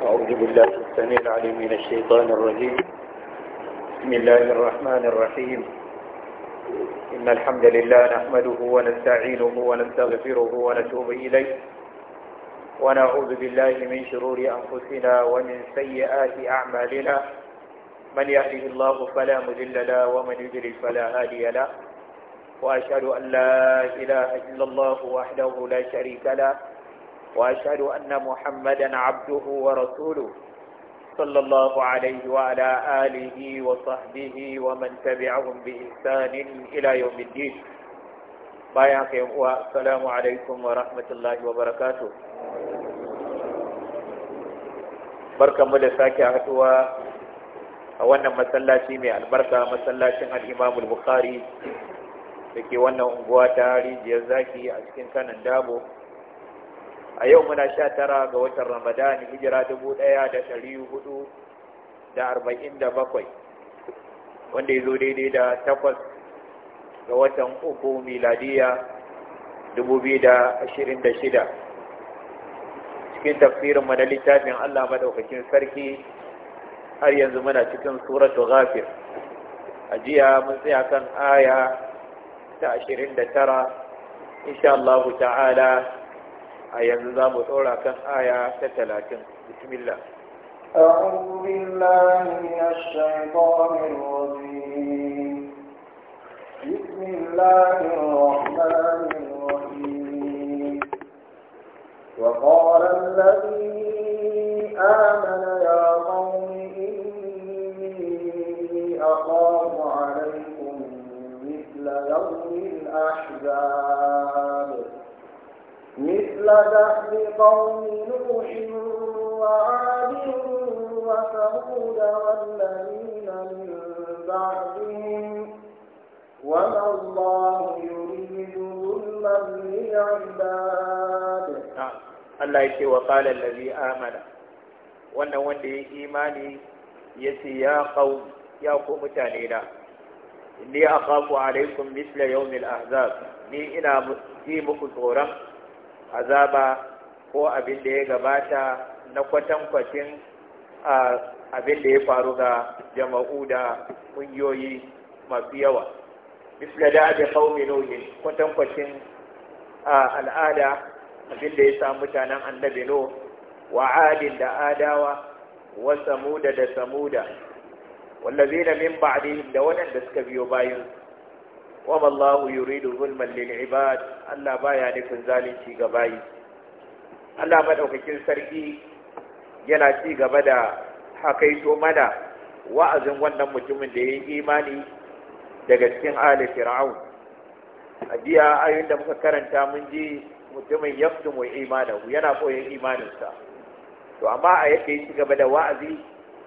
أعوذ بالله السميع العليم من الشيطان الرجيم بسم الله الرحمن الرحيم إن الحمد لله نحمده ونستعينه ونستغفره ونتوب إليه ونعوذ بالله من شرور أنفسنا ومن سيئات أعمالنا من يهده الله فلا مذل له ومن يضلل فلا هادي له وأشهد أن لا إله إلا الله وحده لا شريك له واشهد ان محمدا عبده ورسوله صلى الله عليه وعلى اله وصحبه ومن تبعهم باحسان الى يوم الدين بايا السلام عليكم ورحمه الله وبركاته barkanmu da sake haɗuwa a wannan masallaci mai albarka masallacin al’imamul bukhari da ke wannan unguwa ta rijiyar zaki a cikin kanan dabo a yau muna sha tara ga watan ramadani hijira dubu ɗaya da ɗari hudu da arba'in da bakwai wanda ya zo daidai da takwas ga watan uku miladiya dubu biyu da ashirin da shida cikin tafsirin na littafin allah maɗaukakin sarki har yanzu muna cikin suratu ghafir a jiya mun tsaya kan aya ta ashirin da tara insha allahu ta'ala a yanzu za mu tsora kan aya ta talatin bismillah أعوذ بالله من الشيطان الرجيم بسم الله الرحمن الرحيم وقال الذي آمن يا قوم إني أخاف عليكم مثل يوم الأحزاب كدأب قوم نوح وعاد وثمود والذين من بعدهم وما الله يريد ظلما للعباد الله يشي وقال الذي آمن wannan wanda ya imani ya ce ya kawo ya ku mutane na ni a kafu alaikun misla yau mil ahzab ni ina yi muku tsoron azaba ko abin da ya gabata na kwatankwacin abin da ya faru ga jama'u da ƙungiyoyi masu yawa misla da abin kaumi nuhin kwatankwacin al'ada abin da ya sa mutanen annabi no wa adin da adawa wa samuda da samuda wallazina min ba'dihim da waɗanda suka biyo bayansu wa mallahu yuridu zulman lil ibad Allah baya nufin zalunci ga bayi Allah madaukakin sarki yana ci gaba da hakaito mana wa'azin wannan mutumin da ya yi imani daga cikin ali fir'aun a jiya ayoyin da muka karanta mun ji mutumin yaftumu imanahu yana koyon imaninsa to amma a yadda ya ci gaba da wa'azi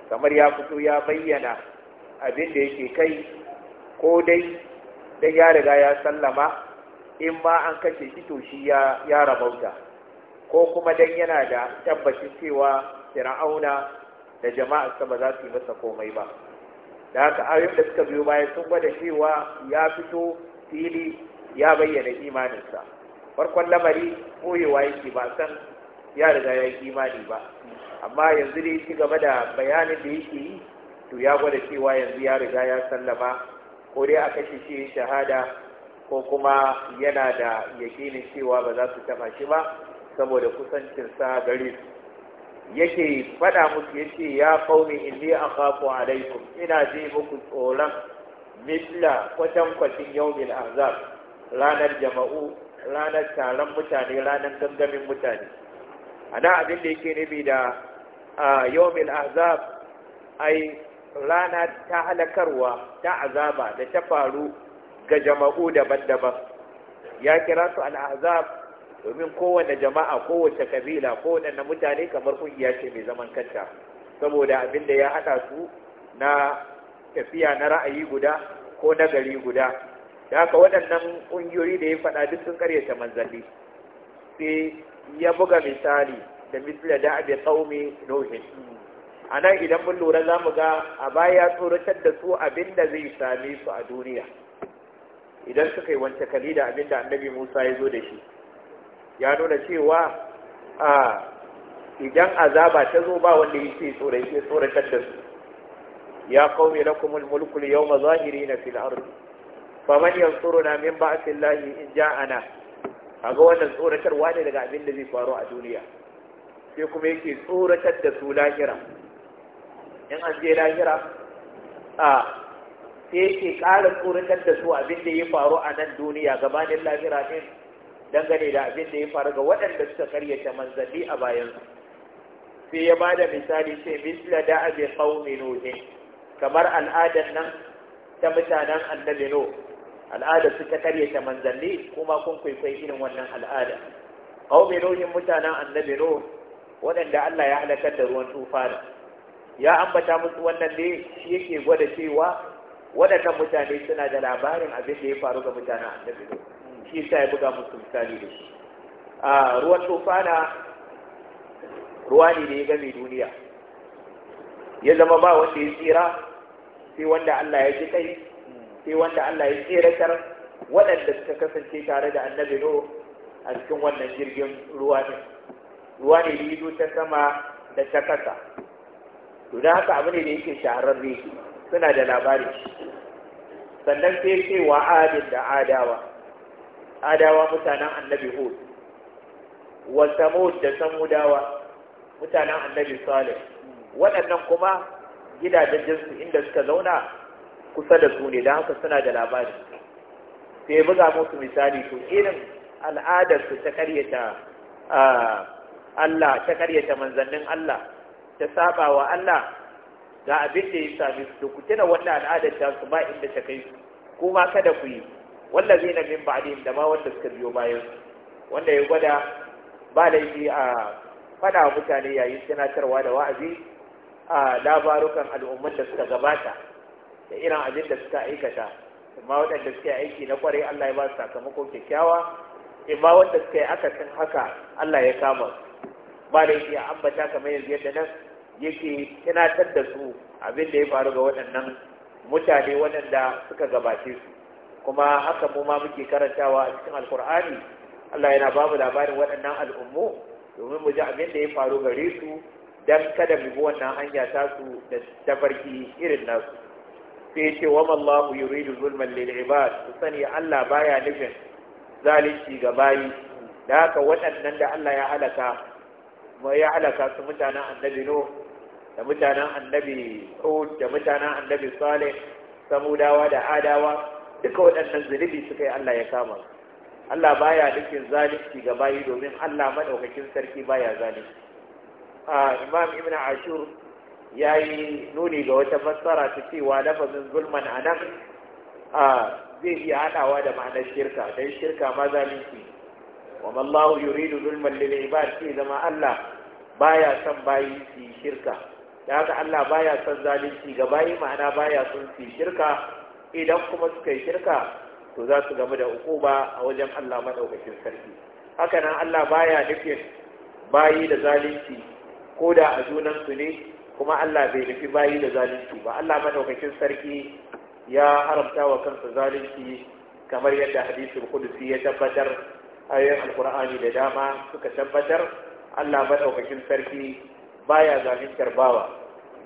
kamar ya fito ya bayyana abin da yake kai ko dai dan ya riga ya sallama in ma an kashe shi to shi ya ya rabauta ko kuma dan yana da tabbacin cewa fir'auna da jama'arsa ba za su yi masa komai ba da haka ayoyin da suka biyo baya sun gwada cewa ya fito fili ya bayyana imaninsa farkon lamari koyewa yake ba san ya riga ya yi imani ba amma yanzu dai ci gaba da bayanin da yake yi to ya gwada cewa yanzu ya riga ya sallama ko dai a kashe shi shahada ko kuma yana da yakinin cewa ba za su taba shi ba saboda kusancinsa gare gari yake faɗa musu ya ce ya kauni inni a kafu alaikum ina ji muku tsoron mitla kwatankwacin yaumin azab ranar jama'u ranar taron mutane ranar gangamin mutane ana abin da yake nufi da yaumin azab ai rana ta halakarwa ta azaba da ta faru ga jama'u daban-daban ya kira su al'azab domin kowane jama'a kowace kabila kowane mutane kamar kungiya ce mai zaman kanta saboda abin da ya haɗa su na tafiya na ra'ayi guda ko na gari guda da haka waɗannan ƙungiyoyi da ya faɗa duk sun karyata manzanni sai ya buga misali da misla da abin tsaumi nohin a nan idan mun lura za mu ga a baya tsoratar da su abin da zai same su a duniya idan suka yi wancan kali da abin da annabi musa ya zo da shi ya nuna cewa a idan azaba ta zo ba wanda ya ce tsoratar da su ya kawai na kuma mulkul yau ma zahiri na fil'ar faman na min ba'atin lahi in ja'ana a ga wannan tsoratarwa ne daga abin da zai faru a duniya sai kuma yake tsoratar da su lahira in an je lahira a sai yake ƙara tsoratar da su abin da ya faru a nan duniya gabanin lahira din dangane da abin da ya faru ga waɗanda suka karyata manzanni a su, sai ya ba da misali ce misla da abin ƙaumi ne, kamar al'adar nan ta mutanen annabi no al'ada su ta karyata manzanni kuma kun kwaikwai irin wannan al'ada ƙaunin nuhin mutanen annabi no waɗanda Allah ya halakar da ruwan tufa da ya ambata musu wannan ne shi yake gwada cewa waɗannan mutane suna da labarin abin da ya faru ga mutanen annabi ne shi sa ya buga musu misali da shi a ruwan tufana ruwa ne da ya game duniya ya zama ba wanda ya tsira sai wanda Allah ya ji kai sai wanda Allah ya kar waɗanda suka kasance tare da annabi no a cikin wannan jirgin ruwa ne ruwa ne da ya ta sama da ta kasa to da haka abu ne da yake shahararre suna da labari sannan sai ce wa adin da adawa adawa mutanen annabi hud wa samud da samudawa mutanen annabi salih waɗannan kuma gidajen jinsu inda suka zauna kusa da su ne dan haka suna da labari sai buga musu misali to irin al'adarsu ta karyata ah, Allah ta karyata manzannin Allah ta saba wa Allah ga abin da ya sami su ku tuna wannan al'adar ta su ba inda ta kai su ma kada ku yi Wanda zai na min ba'dihim da ma wanda suka biyo bayan wanda ya gwada ba laifi a fada wa mutane yayin tunatarwa da wa'azi a labarukan al'ummar da suka gabata da irin abin da suka aikata amma waɗanda suka yi aiki na kwarai Allah ya ba su sakamako kyakkyawa amma wanda suka yi akasin haka Allah ya kama su malai ya ambata kamar yanzu yadda nan yake tunatar da su abin da ya faru ga waɗannan mutane waɗanda suka gabace su kuma haka mu ma muke karantawa a cikin alkur'ani Allah yana ba mu labarin waɗannan al'ummu domin mu ji abin da ya faru gare su dan kada mu bi wannan hanya ta su da tafarki irin nasu sai ce wa mallahu yuridu zulman lil ibad sani Allah baya nufin zalunci ga bayi da haka waɗannan da Allah ya halaka kuma ya halaka su mutanen annabi no da mutanen annabi hud da mutanen annabi sale samudawa da adawa duka waɗannan zunubi suka yi Allah ya kama Allah baya dukin zalunci ga bayi domin Allah madaukakin sarki baya zalunci a imam ibn ashur ya yi nuni ga wata fassara ta cewa lafazin zulman a nan zai iya haɗawa da ma'anar shirka don shirka ma zalunci wa mallahu yuridu zulman lil ibad sai zama Allah baya son bayi su yi shirka da haka Allah baya son zalunci ga bayi ma'ana baya son su yi shirka idan kuma suka yi shirka to za su gamu da hukuma a wajen Allah madaukakin sarki haka nan Allah baya nufin bayi da zalunci ko da a junan su ne kuma Allah bai nufi bayi da zalunci ba Allah madaukakin sarki ya haramta wa kansa zalunci kamar yadda hadisul qudsi ya tabbatar ayoyin alkur'ani da dama suka tabbatar Allah maɗaukakin sarki baya zalintar bawa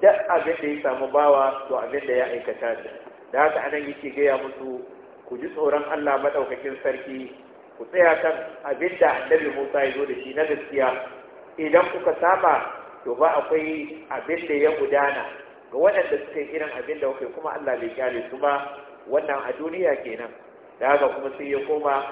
da abin da ya samu bawa to abin da ya aikata shi da haka anan yake gaya musu ku ji tsoron Allah maɗaukakin sarki ku tsaya kan abin da annabi Musa ya zo da shi na gaskiya idan kuka saba to ba akwai abin da ya gudana ga waɗanda suka yi irin abin da kai kuma Allah bai kyale su ba wannan a duniya kenan da haka kuma sai ya koma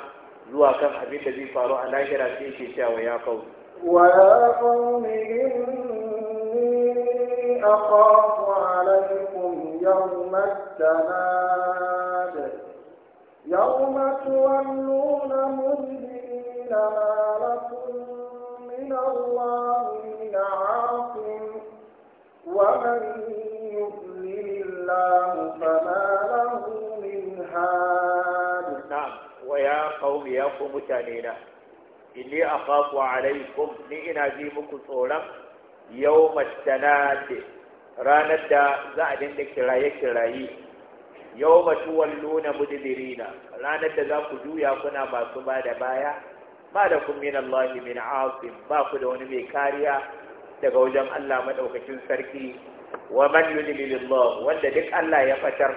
zuwa kan abin da zai faru a lahira sai ke cewa ya kawo ويا قوم إني أخاف عليكم يوم التناد يوم تولون مدبرين ما لكم من الله من عاصم ومن يضلل الله فما له من هاد نعم ويا قوم يا قوم تانينا inni a alaikum ni ina ji muku tsoron Yau tanad ranar da za a dinda kiraye kiraye Yau wallo na mudbirina ranar da za ku juya kuna masu ba da baya ba da kun min Allah min asim ba ku da wani mai kariya daga wajen Allah maɗaukacin sarki wa man yudlilillah wanda duk Allah ya fatar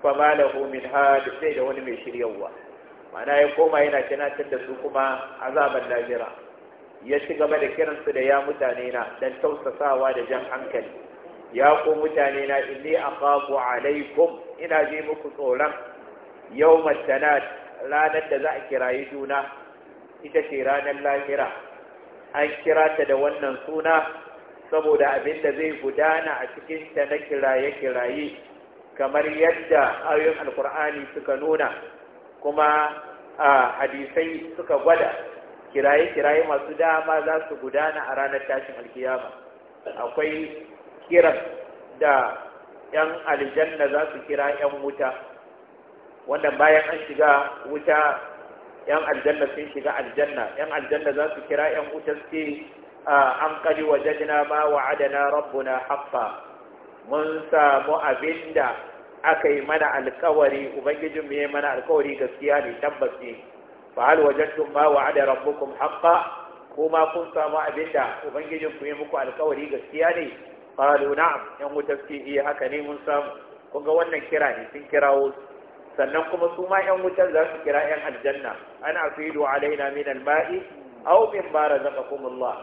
fa min sai da wani mai shiryawa mana ya koma yana tunatar da su kuma azaban lahira ya ci gaba da kiransu da ya mutane na dan tausasawa da jan hankali ya ku mutane na inni akhafu alaikum ina ji muku tsoron yawmat tanat ranar da za a kirayi juna ita ce ranar lahira an kira ta da wannan suna saboda abin da zai gudana a cikin ta na kiraye-kiraye kamar yadda ayoyin alkur'ani suka nuna kuma hadisai suka gwada kiraye-kiraye masu dama za su gudana a ranar tashin alkiyama akwai kiran da 'yan aljanna za su kira 'yan wuta wannan bayan an shiga wuta 'yan aljanna sun shiga aljanna 'yan aljanna za su kira 'yan wuta a an kadi wajajina ma wa'adana rabbuna haffa mun samu abinda aka yi mana alkawari ubangijin mu mana alkawari gaskiya ne tabbas ne fa hal wajadtum ma wa'ada rabbukum haqqan kuma kun samu abinda ubangijin ku yi muku alkawari gaskiya ne qalu na'am yan wuta ce. Eh haka ne mun samu kun wannan kira ne sun kirawo sannan kuma su ma yan wutar za su kira yan aljanna ana fidu alaina min alma'i aw min ma razaqakumullah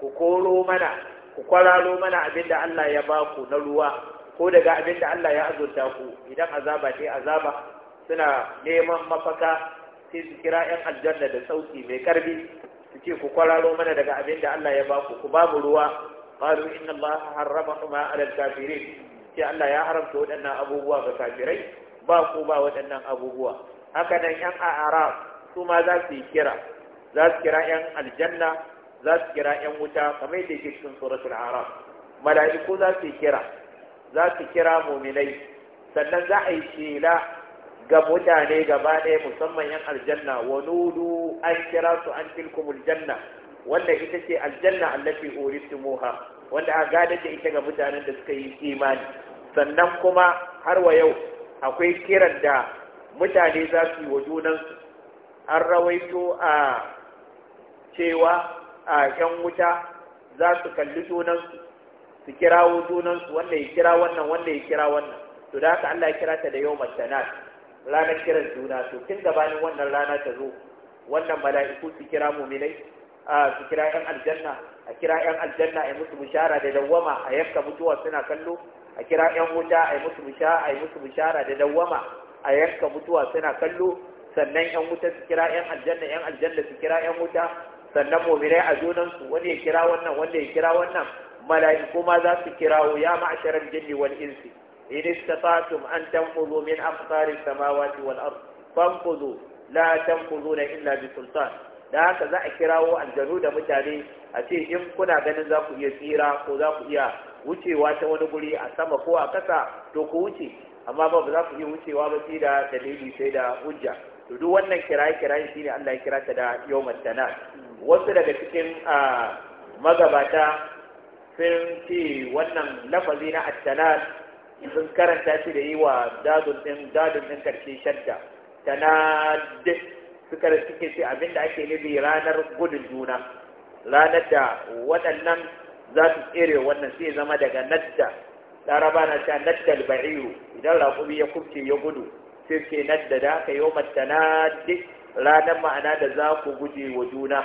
ku koro mana ku kwararo mana abinda Allah ya ba ku na ruwa ko daga abin da Allah ya azurta ku idan azaba ce azaba suna neman mafaka sai su kira 'yan aljanna da sauki mai karfi su ce ku kwararo mana daga abin da Allah ya ba ku ku babu ruwa qalu inna Allah harrama ma ala kafirin sai Allah ya haramta waɗannan abubuwa ga kafirai ba ku ba waɗannan abubuwa haka nan 'yan a'arab su ma za su yi kira za su kira 'yan aljanna za su kira 'yan wuta kamar yadda yake cikin suratul araf mala'iku za su yi kira za su kira muminai sannan za a yi shela ga mutane gaba ɗaya musamman yan aljanna wa nudu an kira su an tilkumul janna wanda ita ce aljanna allati uritumuha wanda a gada da ita ga mutanen da suka yi imani sannan kuma har wa yau akwai kiran da mutane za su yi wa junansu an rawaito a cewa a yan wuta za su kalli junansu su kirawo su wanda ya kira wannan wanda ya kira wannan to da haka Allah ya kira ta da yau tanat ranar kiran juna to kin gabanin wannan rana ta zo wannan mala'iku su kira muminai su kira yan aljanna a kira yan aljanna a yi musu bishara da dawwama a yanka mutuwa suna kallo a kira yan wuta a yi musu bishara a yi musu bishara da dawwama a yanka mutuwa suna kallo sannan yan wuta su kira yan aljanna yan aljanna su kira yan wuta sannan muminai a junansu wani ya kira wannan wanda ya kira wannan mala'iku ma za su kirawo ya ma'asharar jinni wal insi in istata'tum an tanfudu min aqtari samawati wal ard fanfudu la na illa bi sultan da haka za a kirawo aljanu da mutane a ce in kuna ganin za ku iya tsira ko za ku iya wucewa ta wani guri a sama ko a kasa to ku wuce amma ba za ku iya wucewa ba sai da dalili sai da hujja to duk wannan kiraye kiraye shine Allah ya kira ta da yawmat tanat wasu daga cikin ah, magabata sun ce wannan lafazi na attanal sun karanta shi da yi wa dadun ɗin dadun ɗin karshe shadda tanad suka da suke ce abinda ake nufi ranar gudun juna ranar da waɗannan za su tsere wannan sai zama daga nadda laraba na ta nadda al-ba'iru idan raƙumi ya kubce ya gudu sai ce nadda da aka yi wa ranar ma'ana da za ku guje wa juna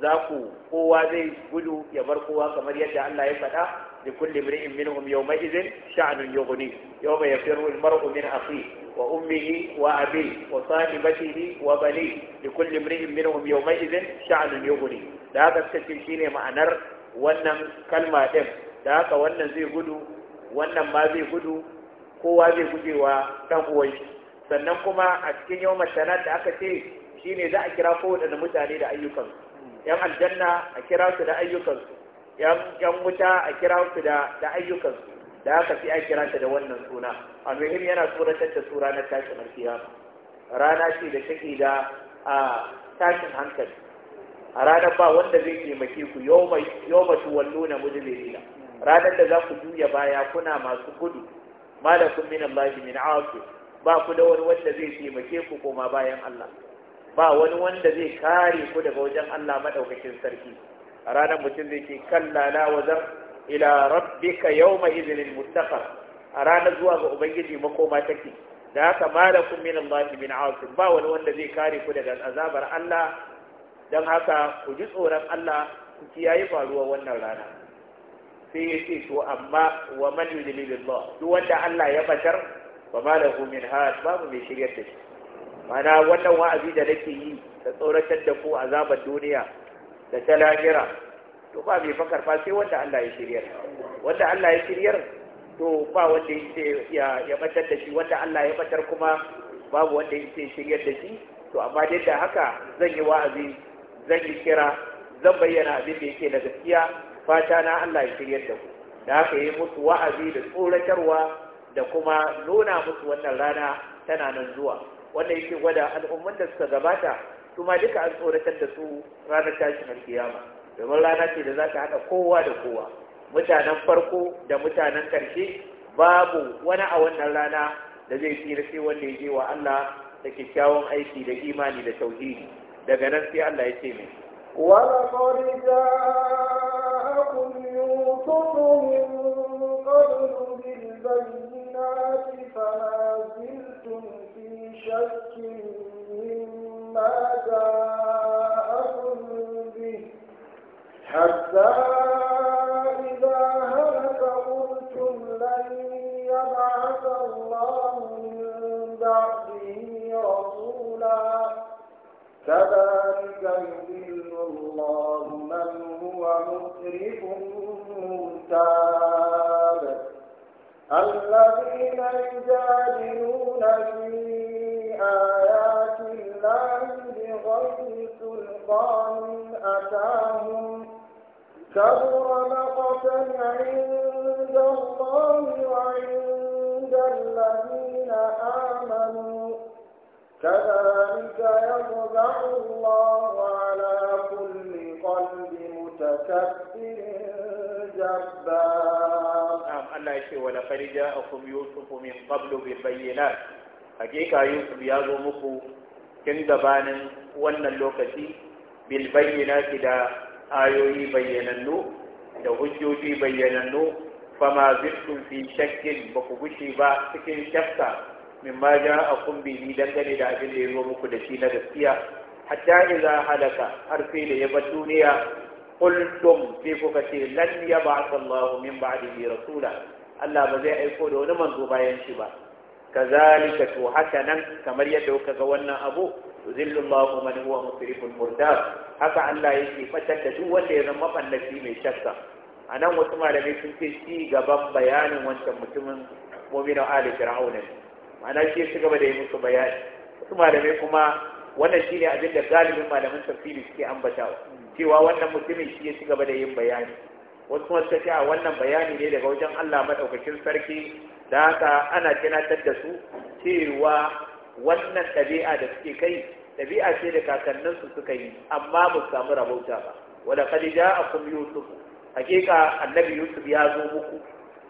za ku kowa zai gudu ya bar kowa kamar yadda Allah ya faɗa da kulli mri'in minhum yawma idhin sha'nun yughni yawma yafirru al-mar'u min akhihi wa وأبيه وصاحبته kulli mri'in minhum yawma idhin sha'nun yughni da haka suka ce shi ne ma'anar wannan kalma din da haka wannan zai gudu wannan ma zai gudu kowa zai gujewa dan uwan shi sannan kuma a cikin yau da aka ce shi ne za a kira da mutane da ayyukan yan aljanna a kira su da ayyukansu yan wuta a kira su da ayyukansu da haka sai a kira ta da wannan suna a muhim yana suratar da sura na tashin alkiyama rana ce da take da a tashin hankali a ranar ba wanda zai taimake ku yau ba wallo na mujibirina ranar da za ku juya baya kuna masu gudu malakun min allahi min ba ku da wani wanda zai taimake ku koma bayan Allah ba wani wanda zai kare ku daga wajen Allah madaukakin sarki a ranar mutum zai ce kalla la ila rabbika yawma idhin mustaqar a ranar zuwa ga ubangiji makoma take da haka malakum min Allah min ba wani wanda zai kare ku daga azabar Allah dan haka ku ji tsoron Allah ku kiyaye faruwa wannan rana sai ya ce to amma wa man yudlilillah duk wanda Allah ya batar fa malahu min babu mai shiryar da shi mana wannan wa'azi da nake yi da tsoratar da ku azabar duniya da ta lahira to ba mai fakar fa sai wanda Allah ya shiryar wanda Allah ya shiryar to ba wanda ya ya batar da shi wanda Allah ya batar kuma babu wanda ya shiryar da shi to amma dai da haka zan yi wa'azi zan yi kira zan bayyana abin da yake na gaskiya fata na Allah ya shiryar da ku da haka yi musu wa'azi da tsoratarwa da kuma nuna musu wannan rana tana nan zuwa wanda yake gwada al'umman da suka gabata su ma duka an tsoratar da su ranar tashin alkiyama domin rana ce da za ta haɗa kowa da kowa mutanen farko da mutanen ƙarshe babu wani a wannan rana da zai tsira sai wanda ya je wa Allah da kyakkyawan aiki da imani da tauhidi daga nan sai Allah ya ce mai ولقد حتى إذا هلك قلتم لن يبعث الله من بعده رسولا كذلك يضل الله من هو مسرف مرتاب الذين يجادلون في آيات الله بغير سلطان أتاهم كبر مقتا عند الله وعند الذين آمنوا كذلك يطبع الله على كل قلب متكبر جبار نعم الله يشهد ولقد جاءكم يوسف من قبل بالبينات حقيقة يوسف يازو مكو كن دبان ون اللوكتي بالبينات دا ayoyi bayyanannu da hujjoji bayyanannu fama zirtun fi shakkin ba ku gushe ba cikin shakka min ma ja a kumbi dangane da abin da ya zo muku da shi na gaskiya hatta iza halaka har sai da ya bar duniya qultum sai kuka ce lan yab'ath min ba'dihi rasula Allah ba zai aiko da wani manzo bayan shi ba kazalika to haka nan kamar yadda kuka ga wannan abu yuzillu Allahu man huwa musrifun murtab haka Allah yake fatar da duk wanda ya zama mafallaci mai shakka anan wasu malamai sun ce ci bayanin wancan mutumin mu'minu ali fir'auna ma'ana shi ya gaba da yi musu bayani wasu malamai kuma wannan shine abin da galibin malaman tafsiri suke ambatawa cewa wannan mutumin shi ya gaba da yin bayani wasu kuma suka wannan bayani ne daga wajen Allah maɗaukacin sarki da haka ana tunatar da su cewa wannan ɗabi'a da suke kai ɗabi'a ce da kakanninsu suka yi amma ba su samu rabauta ba wadda kadija a kun yusuf hakika annabi yusuf ya zo muku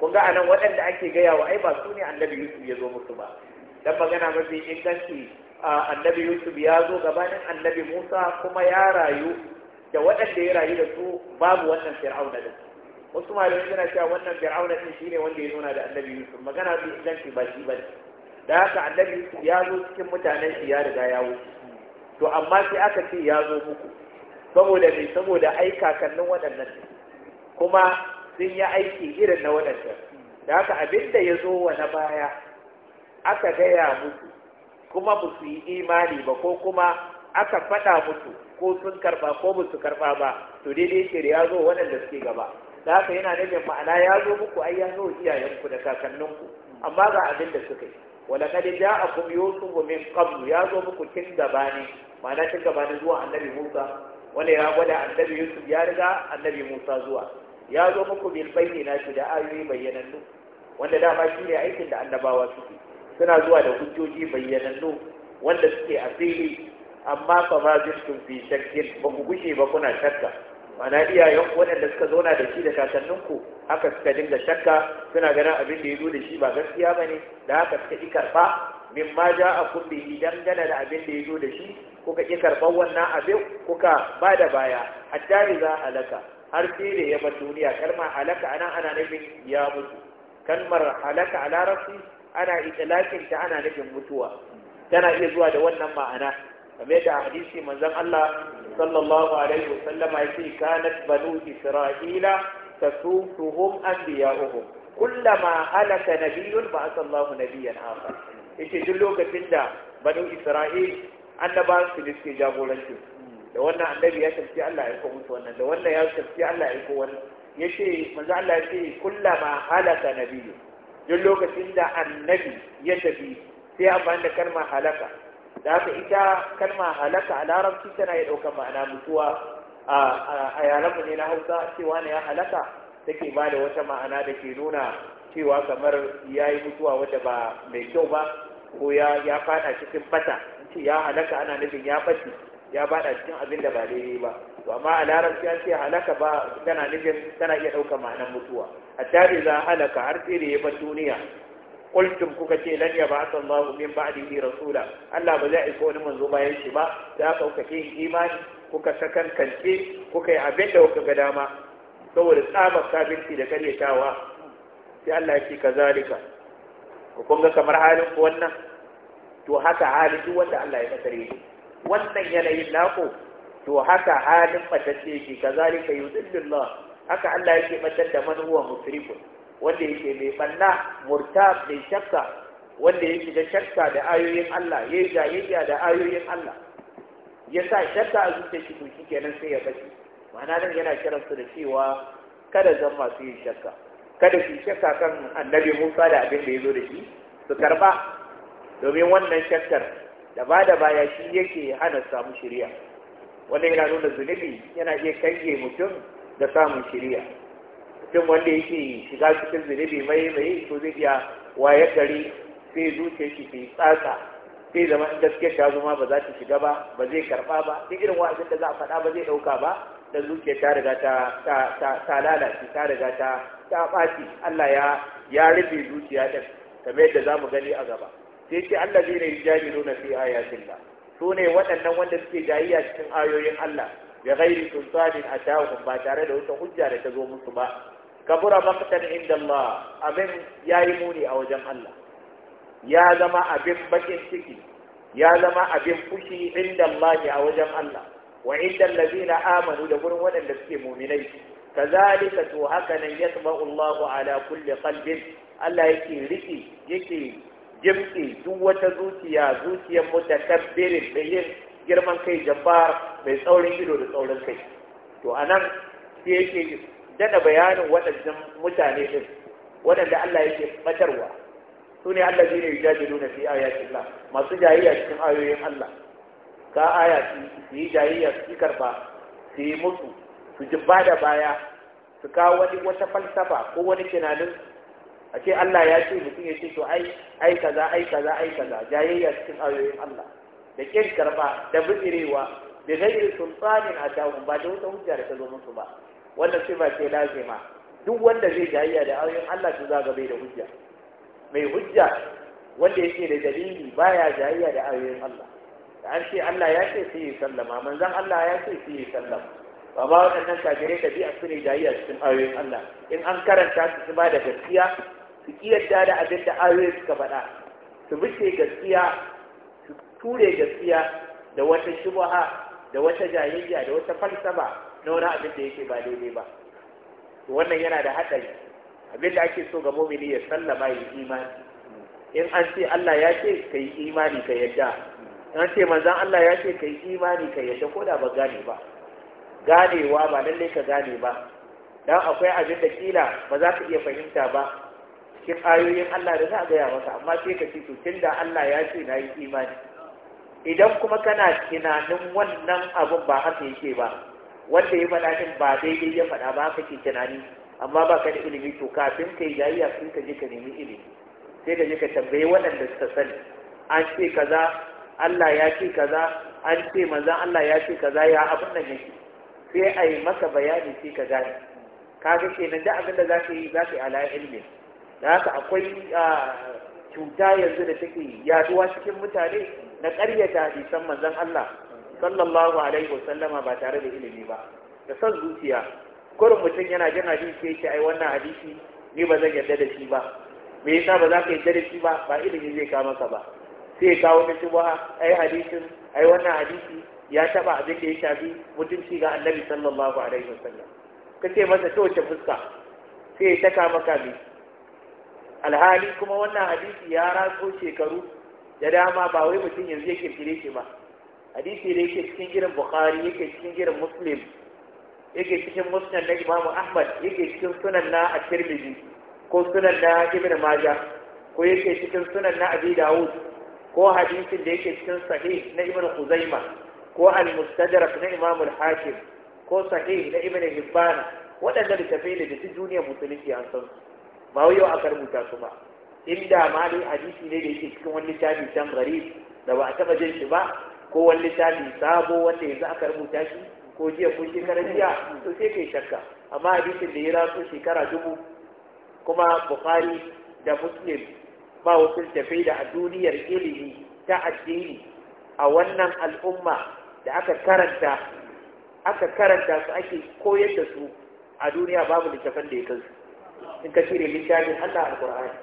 kun ga anan waɗanda ake gaya wa ai ba su ne annabi yusuf ya zo musu ba dan magana mafi inganci annabi yusuf ya zo gabanin annabi musa kuma ya rayu da waɗanda ya rayu da su babu wannan fir'auna da su wasu malamai suna cewa wannan fir'auna din shine wanda ya nuna da annabi yusuf magana bai inganci ba shi bane da haka annabi yusuf ya zo cikin mutanen shi ya riga ya wuce to amma sai aka ce ya zo muku saboda me saboda ai kakannin waɗannan kuma sun yi aiki irin na waɗannan da haka abinda ya zo wa na baya aka gaya musu kuma ba su yi imani ba ko kuma aka faɗa musu ko sun karɓa ko ba su karɓa ba to daidai shirya zo waɗanda suke gaba da haka yana nufin ma'ana ya zo muku ai ya zo iyayenku da kakanninku amma ga abin da suka yi wala kad ja'akum yusufu min qabl ya zo muku kin ne, ma'ana kin ne zuwa annabi Musa wala ya gwada annabi Yusuf ya riga annabi Musa zuwa ya zo muku bil bayyinati da ayoyi bayyanannu wanda dama shi ne aikin da annabawa suke suna zuwa da hujjoji bayyanannu wanda suke fili? amma fa ma tun fi shakkin ba ku gushe ba kuna shakka mana iyayen waɗanda suka zauna da shi da kakanninku haka suka dinga shakka suna ganin abin da ya zo da shi ba gaskiya ba ne da haka suka ƙi karɓa min ma ja a kuɗi gana da abin da ya zo da shi kuka ƙi karɓar wannan abin kuka ba da baya hatta ne za halaka har sai da ya bar duniya kalmar halaka anan ana nufin ya mutu kalmar halaka a larabci ana itilakin ta ana nufin mutuwa tana iya zuwa da wannan ma'ana kamar da hadisi manzon Allah sallallahu alaihi wasallam ya ce kanat banu isra'ila tasufuhum anbiya'uhum kullama halaka nabiyyun ba'atha Allahu nabiyyan akhar yace duk lokacin da banu isra'il annabawan su suke jagoranci da wannan annabi ya tafi Allah ya aiko musu wannan da wannan ya tafi Allah ya aiko wannan yace manzo Allah ya ce kullama halaka nabiyyu duk lokacin da annabi ya tafi sai amfani da kalmar halaka da haka ita kalma halaka a larabci tana ya ɗaukar ma'ana mutuwa a yaranmu ne na hausa cewa ne ya halaka take ba da wata ma'ana da ke nuna cewa kamar ya yi mutuwa wadda ba mai kyau ba ko ya fada cikin bata ce ya halaka ana nufin ya bati ya bada cikin abin da ba daidai ba to amma a larabci an ce halaka ba tana nufin tana iya ɗaukar ma'anar mutuwa a da za halaka har sai da ya bar duniya qultum kuka ce lan yab'atha Allahu min ba'dihi rasula Allah ba zai aika wani manzo bayan shi ba da aka kuka imani kuka sakan sakankance kuka yi abin da kuka ga dama saboda tsabar kafirci da karyatawa sai Allah ya ce kazalika ku kun ga kamar halin ku wannan to haka halin duk wanda Allah ya kasare shi wannan yanayin naku to haka halin matacce yake kazalika yudillullah haka Allah yake matar da man huwa musrifun wanda yake mai banna murta mai shakka wanda ya shiga shakka da ayoyin Allah ya yi jayayya da ayoyin Allah ya sa shakka a zuciyar shi to nan sai ya bace ma'ana nan yana kiran su da cewa kada zan masu yin shakka kada su shakka kan annabi Musa da abin da ya zo da shi su karba domin wannan shakkar da ba da baya shi yake hana samu shiriya wannan yana nuna zunubi yana iya kange mutum da samun shiriya mutum wanda yake shiga cikin zunubi mai mai to zai iya waye gari sai zuce shi sai tsatsa sai zama in gaskiya ta zama ba za ta shiga ba ba zai karba ba duk irin wa'azin da za a faɗa ba zai ɗauka ba da zuciya ta riga ta ta lalace ta riga ta ta ɓaci Allah ya ya rufe zuciya ɗin kamar yadda za mu gani a gaba sai ce Allah zai ne nuna fi ayatillah su ne waɗannan wanda suke jayayya cikin ayoyin Allah ya gairi sultanin a ba tare da wata hujja da ta zo musu ba kabura maqtan inda Allah abin yayi muni a wajen Allah ya zama abin bakin ciki ya zama abin fushi inda Allah a wajen Allah wa inda allazina amanu da gurin waɗanda suke muminai kazalika to haka nan yatba'u Allahu ala kulli kalbin Allah yake riki yake jimki duk wata zuciya zuciyar mutakabbirin da yin girman kai jabbar mai tsaurin ido da tsaurin kai to anan sai yake dana bayanin waɗannan mutane din waɗanda Allah yake matarwa su ne Allah zai yi jaji na fi ayatun Allah masu jayayya cikin ayoyin Allah ka aya su yi jayayya su karba su yi musu su jibba da baya su kawo wani wata falsafa ko wani tunanin a ce Allah ya ce mutum ya ce to ai ai kaza ai kaza ai kaza jayayya cikin ayoyin Allah da kin karba da bidirewa da gairin sultanin atahum ba da wata hujja da ta zo musu ba wannan sifa ce lazima duk wanda zai jayayya da ayoyin Allah to zaga bai da hujja mai hujja wanda yake da dalili baya jayayya da ayoyin Allah da an ce Allah ya ce sai sallama manzon Allah ya ce sai sallama ba ba waɗannan kafirai da bi su ne jayayya cikin ayoyin Allah in an karanta su su ba da gaskiya su kiyarta da abin da ayoyin suka faɗa su bice gaskiya su ture gaskiya da wata shubha da wata jayayya da wata falsafa na wani abin da yake ba daidai ba wannan yana da haɗari abin da ake so ga mumini ya sallama yi imani in an ce Allah ya ce ka yi imani ka yadda an ce manzan Allah ya ce ka yi imani ka yadda ko da ba gane ba ganewa ba lallai ka gane ba dan akwai abin da kila ba za ka iya fahimta ba cikin ayoyin Allah da za a gaya maka amma sai ka ce to tunda Allah ya ce na yi imani idan kuma kana tunanin wannan abun ba haka yake ba wanda ya faɗa ɗin ba daidai ya faɗa ba kake tunani amma ba ka da ilimi to kafin ka yi jayayya sun ka je ka nemi ilimi sai ka je ka tambayi waɗanda suka sani an ce kaza Allah ya ce kaza an ce manzon Allah ya ce kaza ya abin nan yake sai a yi maka bayani sai ka gane ga kenan da abin da za ka yi za ka yi ala ilimi da haka akwai cuta yanzu da take yaduwa cikin mutane na ƙaryata hadisan manzon Allah sallallahu alaihi wa sallama ba tare da ilimi ba da san zuciya kurin mutum yana jin hadisi ya ce ai wannan hadisi ni ba zan yarda da shi ba me yasa ba za ka yarda da shi ba ba ilimi zai kawo maka ba sai ya kawo shi shubha ai hadisin ai wannan hadisi ya taba abin da ya shafi mutunci ga annabi sallallahu alaihi wa sallam. ka ce masa ta wace fuska sai ya taka maka bi alhali kuma wannan hadisi ya ratso shekaru da dama ba wai mutum yanzu ya kirkire shi ba hadisi da yake cikin irin bukhari yake cikin irin muslim yake cikin musnan na imamu ahmad yake cikin sunan na at-tirmidhi ko sunan na ibn majah ko yake cikin sunan na abi dawud ko hadisin da yake cikin sahih na ibn khuzaimah ko al-mustadrak na imam al-hakim ko sahih na ibn hibban waɗanda da tafi da duk duniya musulunci an san ba wai yau aka rubuta su ba inda ma dai hadisi ne da yake cikin wani jami'an can gari da ba a taɓa jin shi ba ko wani littafi sabo wanda yanzu aka rubuta shi ko jiya ko shekara jiya to sai kai shakka amma hadisin da ya rasu shekara dubu kuma bukhari da muslim ba wasu tafai da a duniyar ilimi ta addini a wannan al'umma da aka karanta aka karanta su ake koyar da su a duniya babu littafan da ya kansu in ka shirya littafin Allah al kurani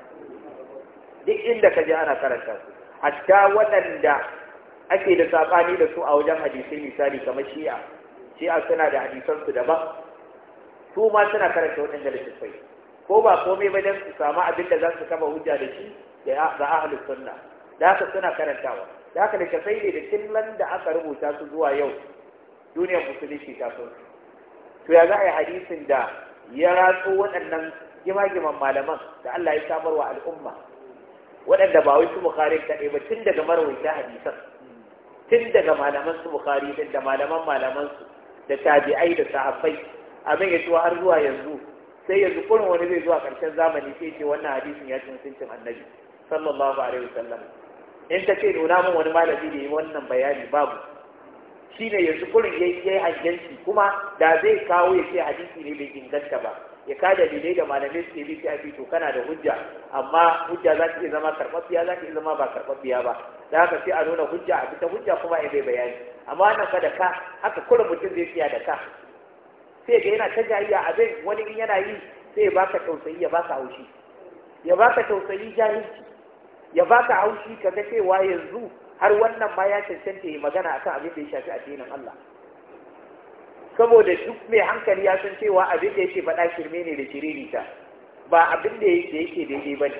duk inda ka ji ana karanta su hatta waɗanda ake da saɓani da su a wajen hadisai misali kamar shi'a shi'a suna da hadisansu daban su ma suna karanta waɗanda littattafai ko ba komai ba don su samu abin da za su kama hujja da shi da ahlus sunna da haka suna karantawa da haka littattafai ne da killan da aka rubuta su zuwa yau duniyar musulunci ta so to ya za a yi hadisin da ya ratso waɗannan gima-giman malaman da Allah ya samar wa al'umma waɗanda ba wai su bukari kaɗai ba tun daga marawaita hadisan tun daga malaman su bukari din da malaman malaman su da tabi'ai da sahabbai abin ya tuwa har zuwa yanzu sai yanzu kurin wani zai zuwa karshen zamani sai ce wannan hadisin ya cin mutuncin annabi sallallahu alaihi wasallam in ta ce nuna min wani malami da yi wannan bayani babu shine yanzu kurin yayi hajjanci kuma da zai kawo ya ce hadisi ne bai inganta ba ya ka dalilai da malamai suke bi ta fi to kana da hujja amma hujja za ta iya zama karɓaɓɓiya za ta iya zama ba karɓaɓɓiya ba da haka sai a nuna hujja a fita hujja kuma ya bai bayani amma wannan fa da ka haka kullum mutum zai tsaya da ka sai ga yana ta a abin wani in yana yi sai ya baka tausayi ya baka haushi ya baka tausayi jahilci ya baka haushi kaga cewa yanzu har wannan ma ya cancanta ya magana akan abin da ya shafi addinin Allah saboda duk mai hankali ya san cewa abin da yake faɗa shirme ne da shiririta ba abin da yake daidai ba ne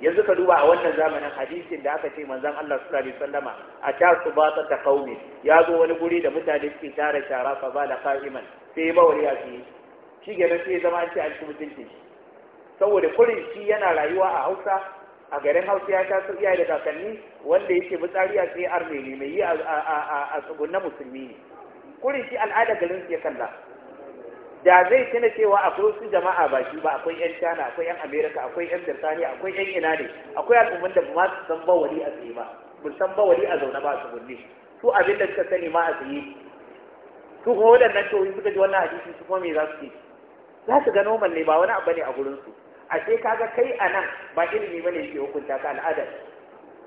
yanzu ka duba a wannan zamanin hadisin da aka ce manzon Allah sallallahu alaihi wasallama a ta subata ta kaumi ya zo wani guri da mutane suke tara shara fa ba da qa'iman sai ba wani ce shi ga sai zama an ce an kuma saboda kurin shi yana rayuwa a Hausa a garin Hausa ya ta iyaye da kakanni wanda yake mutsariya sai arme ne mai yi a tsugunna musulmi ne kurin shi al'ada garin ya kalla da zai tuna cewa akwai wasu jama'a ba shi ba akwai yan China akwai yan America akwai yan Birtaniya akwai yan ina ne akwai al'umman da ba su san bawali a tsaye ba ba san bawali a zaune ba su gulle su abin da suka sani ma a tsaye su kuma waɗannan to suka ji wannan hadisi su kuma me za su ce za su ga normal ne ba wani abu ne a gurin su ce kaga kai a nan ba ilimi ne ke hukunta ka al'adar.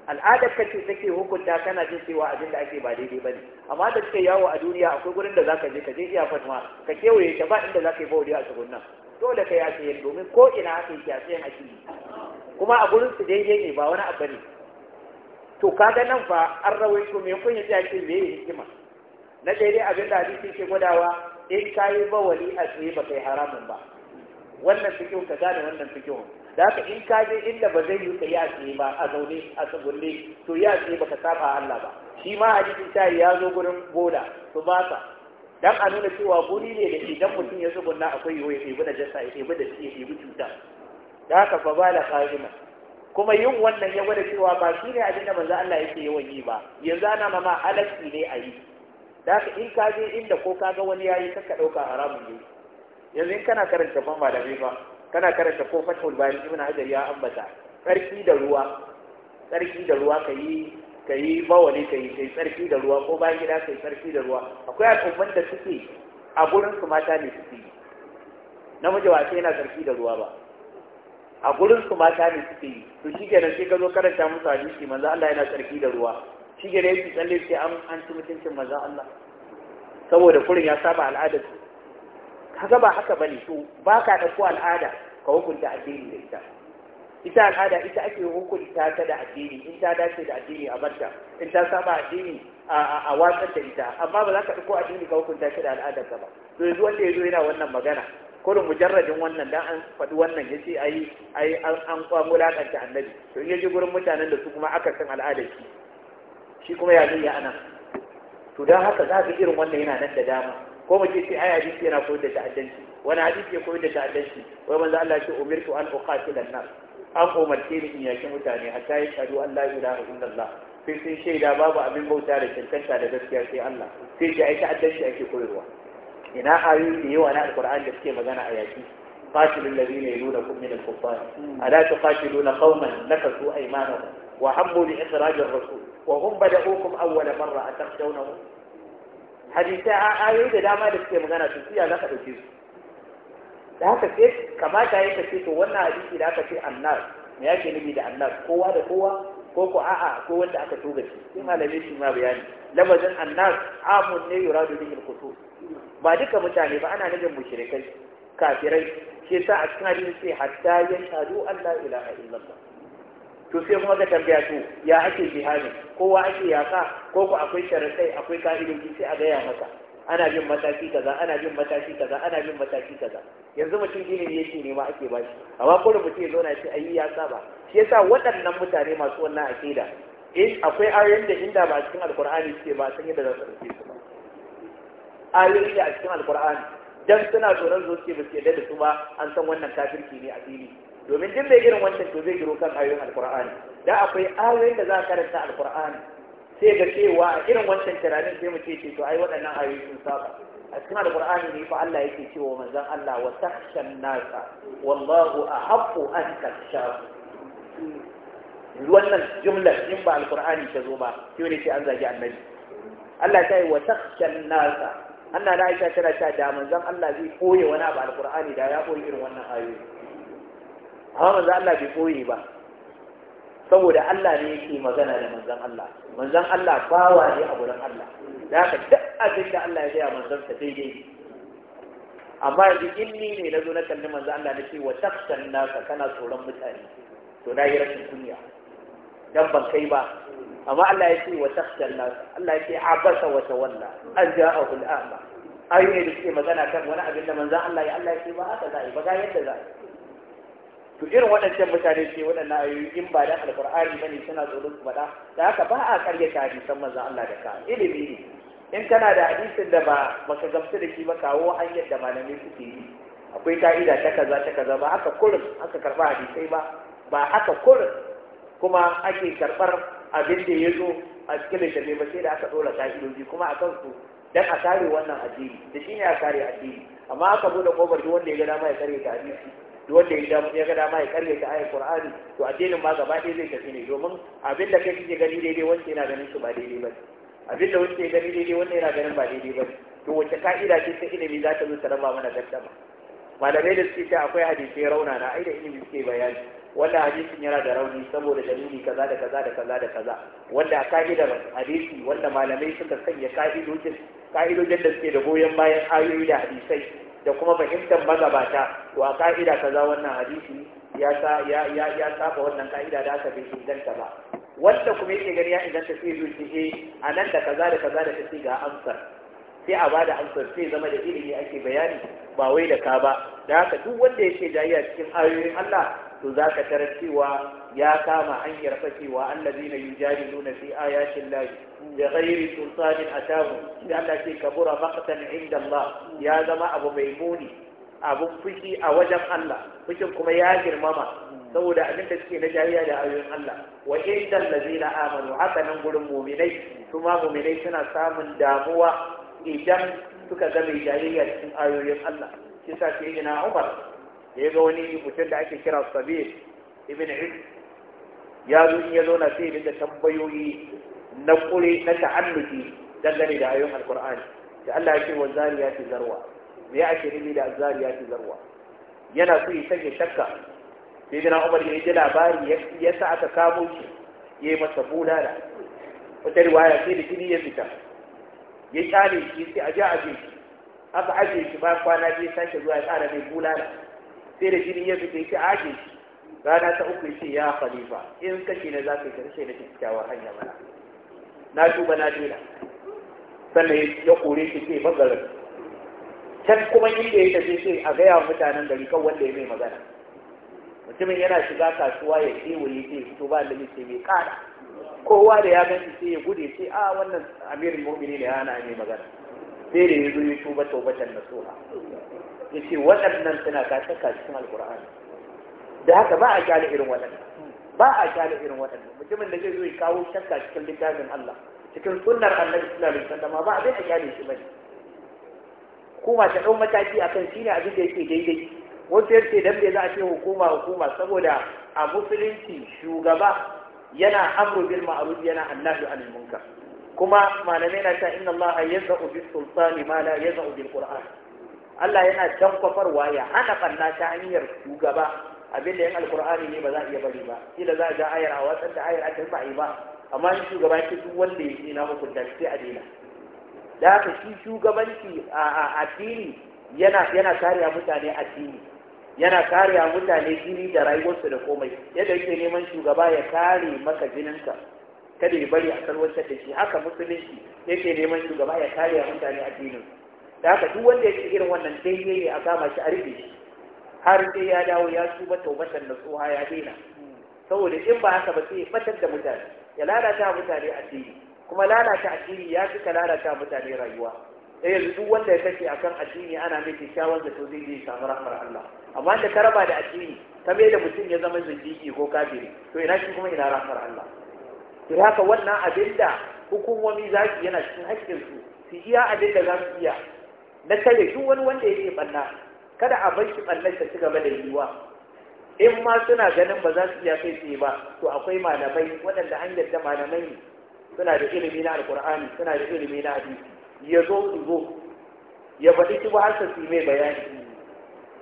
al'adar ka ce take hukunta kana jin cewa abin da ake ba daidai ba ne. amma da suke yawo a duniya akwai gurin da zaka je ka je iya fatuwa ka kewaye ta ba inda zaka yi wuri a tsugun nan dole ka yace yin domin ko ina aka yi yace yin ake kuma a gurin su daidai ne ba wani abu ne to kaga nan fa an rawaito me kun yace ake me yi hikima na daidai abin da hadisi ke gwadawa in kayi bawali a tsaye ba kai haramun ba wannan fikin ka gane wannan fikin da haka in ka je inda ba zai yi ka ya tsaye ba a zaune a tsugunne to ya tsaye ba ka saba Allah ba shi ma a jikin tayi ya zo gurin boda su ba sa dan a nuna cewa guri ne da don mutum ya na akwai yiwu ya ɗebi da jasa ya ɗebi da shi ya ɗebi cuta da haka fa ba da fa'ima kuma yin wannan ya gwada cewa ba shi ne abinda manzo Allah yake yawan yi ba yanzu ana ma halakki ne a yi da haka in ka je inda ko ka ga wani yayi kaka ɗauka haramun ne yanzu in kana karanta ban malamai ba kana karanta ko fatul bayan ibn hajar ya ambata tsarki da ruwa tsarki da ruwa kai kai ka yi bawali ka yi kai tsarki da ruwa ko bayan gida ka yi tsarki da ruwa akwai al'umman da suke a gurin su mata ne suke yi namiji ba sai yana tsarki da ruwa ba a gurin su mata ne suke yi to shi kenan sai ka zo karanta musu hadisi manzo Allah yana tsarki da ruwa shi kenan yake tsalle sai an an ci mutuncin manzo Allah saboda kurin ya saba al'adar su kaga ba haka bane to baka ka ko al'ada ka hukunta addini da ita ita al'ada ita ake hukunta ta da addini in ta dace da addini a barta in ta saba addini a watsar da ita amma ba za ka ɗauko addini ka hukunta ta da al'adar ka ba to yanzu wanda ya zo yana wannan magana kurin mujarradin wannan dan an faɗi wannan ya ce ayi ayi an kwamulakanta annabi to in ya je gurin mutanen da su kuma aka san al'adar shi kuma ya zai ya ana to don haka za ka irin wannan yana nan da dama ko mace ce ai hadisi yana koyar da ta'addanci wani hadisi ya koyar da ta'addanci wai manzo Allah ya ce umirtu an uqatila an an umarce ni in yaki mutane hatta ya shahadu an la ilaha illallah sai sai shaida babu abin bauta da cancanta da gaskiya sai Allah sai ce ai ta'addanci ake koyarwa ina ayoyi da yawa na alqur'ani da suke magana a yaki قاتل الذين يلونكم من الكفار ألا تقاتلون قوما نكثوا أيمانهم وهموا لإخراج الرسول وهم بدأوكم أول مرة أتخشونهم hadisai a ayoyi da dama da suke magana su siya za ka ɗauke su da haka sai kamata ya kace to wannan hadisi da aka ce annas me yake nufi da annas kowa da kowa ko ko a'a ko wanda aka toga shi sai malami shi ma bayani lamazin annas amun ne yuradu bihi al ba duka mutane ba ana nufin mushrikai kafirai shi sa a cikin hadisi sai hatta yashhadu an la ilaha illallah to sai kuma ka tambaya to ya ake jihadin kowa ake yaka ko ku akwai sharatai akwai ka'idoji sai a gaya maka ana bin mataki kaza ana bin mataki kaza ana bin mataki kaza yanzu mutum ne yake nema ake bashi amma da mutum ya zauna shi ayi ya saba shi yasa waɗannan mutane masu wannan akida in eh, akwai ayoyin da inda ba a cikin alkur'ani suke ba sun yi da su rufe su ba ayoyi da a cikin alkur'ani dan suna tsoron zuciya ba su yadda da su ba an san wannan kafirki ne a fili domin duk mai irin wancan to zai giro kan ayoyin alkur'ani da akwai ayoyin da za a karanta alkur'ani sai ga cewa a irin wancan tunanin sai mu ce to ai waɗannan ayoyi sun saba a cikin alkur'ani ne fa Allah yake cewa manzon Allah wa takhshan nasa wallahu ahaqqu an takhsha wannan jumlar in ba alkur'ani ta zo ba sai ne ce an zagi annabi Allah ta yi wa takhshan nasa Allah da Aisha tana ta da manzon Allah zai koye wani abu alkur'ani da ya koyi irin wannan ayoyi amma manzan Allah bai ɓoye ba saboda Allah ne yake magana da manzan Allah manzan Allah bawa ne a wurin Allah da haka duk abin da Allah ya gaya manzan sa daidai amma yanzu ilmi ne na zo na kalli manzan Allah na ce wa tafsan nasa kana tsoron mutane to na yi rashin kunya dan ban kai ba amma Allah ya ce wa tafsan nasa Allah ya ce abasa wa tawalla an ja'ahu al'ama ayoyi da suke magana kan wani abin da manzan Allah ya Allah ya ce ba haka za yi ba ga yadda za yi to irin waɗancan mutane ce waɗannan ayoyi in ba dan Alƙur'ani ne suna tsoron su faɗa da haka ba a ƙaryata hadisan manzon Allah da ka ilimi ne in kana da hadisin da ba baka gamsu da shi ba kawo hanyar da malamai suke yi akwai ka'ida ta kaza ta kaza ba haka kurin aka karɓa hadisai ba ba haka kurin kuma ake karɓar abin da ya zo a cikin littafi ba sai da aka ɗora ka'idoji kuma a kan su dan a kare wannan addini da shi ne a kare addini amma aka bude kofar duk wanda ya ga dama ya kare ta hadisi duk wanda ya sha ya gada ma ya karya ta ayat qur'ani to addinin ma gaba ɗaya zai tafi ne domin abinda kai kike gani daidai wanda yana ganin su ba daidai ba abinda da wanda ya gani daidai wanda yana ganin ba daidai ba to wace ka'ida ce ta ilimi za ta zo ta raba mana gaddama malamai da suke ta akwai hadisi rauna na aida ilimi suke bayani wanda hadisin yana da rauni saboda dalili kaza da kaza da kaza da kaza wanda a ka'idar hadisi wanda malamai suka sanya ka'idojin ka'idojin da suke da goyon bayan ayoyi da hadisai da kuma fahimtar ta to a ka'ida kaza wannan hadisi ya saba wannan ka'ida da aka bai inganta ba wanda kuma yake gani ya inganta sai zuciye a nan da kaza da kaza da kace ga amsar sai a ba da amsar sai zama da ilimi ake bayani ba wai da ka ba da haka duk wanda yake a cikin ayoyin Allah to za zaka tarar cewa ya kama hanyar fakewa allazina yujadiluna fi ayatin lahi da ghairi sultanin atahu sai Allah ce kabura maqtan inda Allah ya zama abu mai muni abun fushi a wajen Allah fushin kuma ya girmama saboda abin da suke na jariya da ayoyin Allah wa inda allazina amanu haka nan gurin muminai kuma muminai suna samun damuwa idan suka ga mai jariya cikin ayoyin Allah kisa ce ina Umar da ya ga wani mutum da ake kira Sabir ibn ya zo in ya zo na sai da tambayoyi na kure na ta'alluki dangane da ayoyin alkur'ani da Allah ya ce wa ce zarwa me ya ake nufi da ce zarwa yana so ya sanya shakka sai na Umar ya ji labari ya sa aka kamo shi Ya yi masa bulala wata riwaya sai da kini ya fita ya kyale shi sai a ji a ji aka ajiye shi ba kwana biyu sake zuwa ya kara mai bulala sai da kini ya fita ya ce a ake shi rana ta uku ce ya khalifa in kashi ne za ka yi karshe na kyakkyawar hanya mana na tuba na dina sannan ya kore shi ce bangaren can kuma inda ya tafi ce a gaya wa mutanen gari kan wanda ya mai magana mutumin yana shiga kasuwa ya kewaye ce su ba da mace mai kada kowa da ya ganci sai ya gude sai a ah, wannan amirin mu'mini ne ana mai magana sai da ya zo ya tuba taubatan nasuha ce waɗannan suna ka saka cikin alkur'ani da haka ba a kyale irin waɗannan ba a kyale irin waɗannan mutumin da zai zo ya kawo shakka cikin littafin Allah cikin sunnar annabi sallallahu alaihi wasallam ba zai a kyale shi bane hukuma ta ɗau mataki akan ne abin da yake daidai wato yace dan bai za a ce hukuma hukuma saboda a musulunci shugaba yana amru bil ma'ruf yana annabi anil munkar kuma malamai na ta inna Allah yaz'u bis sultani ma la yaz'u bil qur'an Allah yana tankwafarwa ya hana ɓanna ta hanyar shugaba abin da yan alkur'ani ne ba za a iya bari ba kila za a ga ayar a watsar da ayar aka a yi ba amma shi shugaba ya duk wanda ya ce na hukunta sai a daina da haka shi shugabanci a addini yana yana kariya mutane addini yana kariya mutane jini da rayuwarsu da komai yadda yake neman shugaba ya kare maka jininka kada ya bari a karwatar da shi haka musulunci yake neman shugaba ya kare mutane addinin da haka duk wanda ya ci irin wannan daidai ne a kama shi a rufe shi har sai ya dawo ya tuba na tsoha ya daina saboda in ba haka ba sai fatar da mutane ya lalata mutane addini kuma lalata addini ya ka lalata mutane rayuwa Da yanzu duk wanda ya kashe akan addini ana mai kyakkyawan zato zai je samu rahmar Allah amma da ka raba da addini ka mai da mutum ya zama zindiki ko kafiri to ina shi kuma ina rahmar Allah to haka wannan abinda hukumomi zaki yana cikin haƙƙinsu, su su iya abinda za su iya na kare shi wani wanda ya yi banna kada a bar shi bannar ta ci gaba da yiwuwa in ma suna ganin ba za su iya kai tsaye ba to akwai malamai waɗanda an yadda malamai ne suna da ilimi na alkur'ani suna da ilimi na hadisi ya zo su zo ya faɗi shi ba har su mai bayani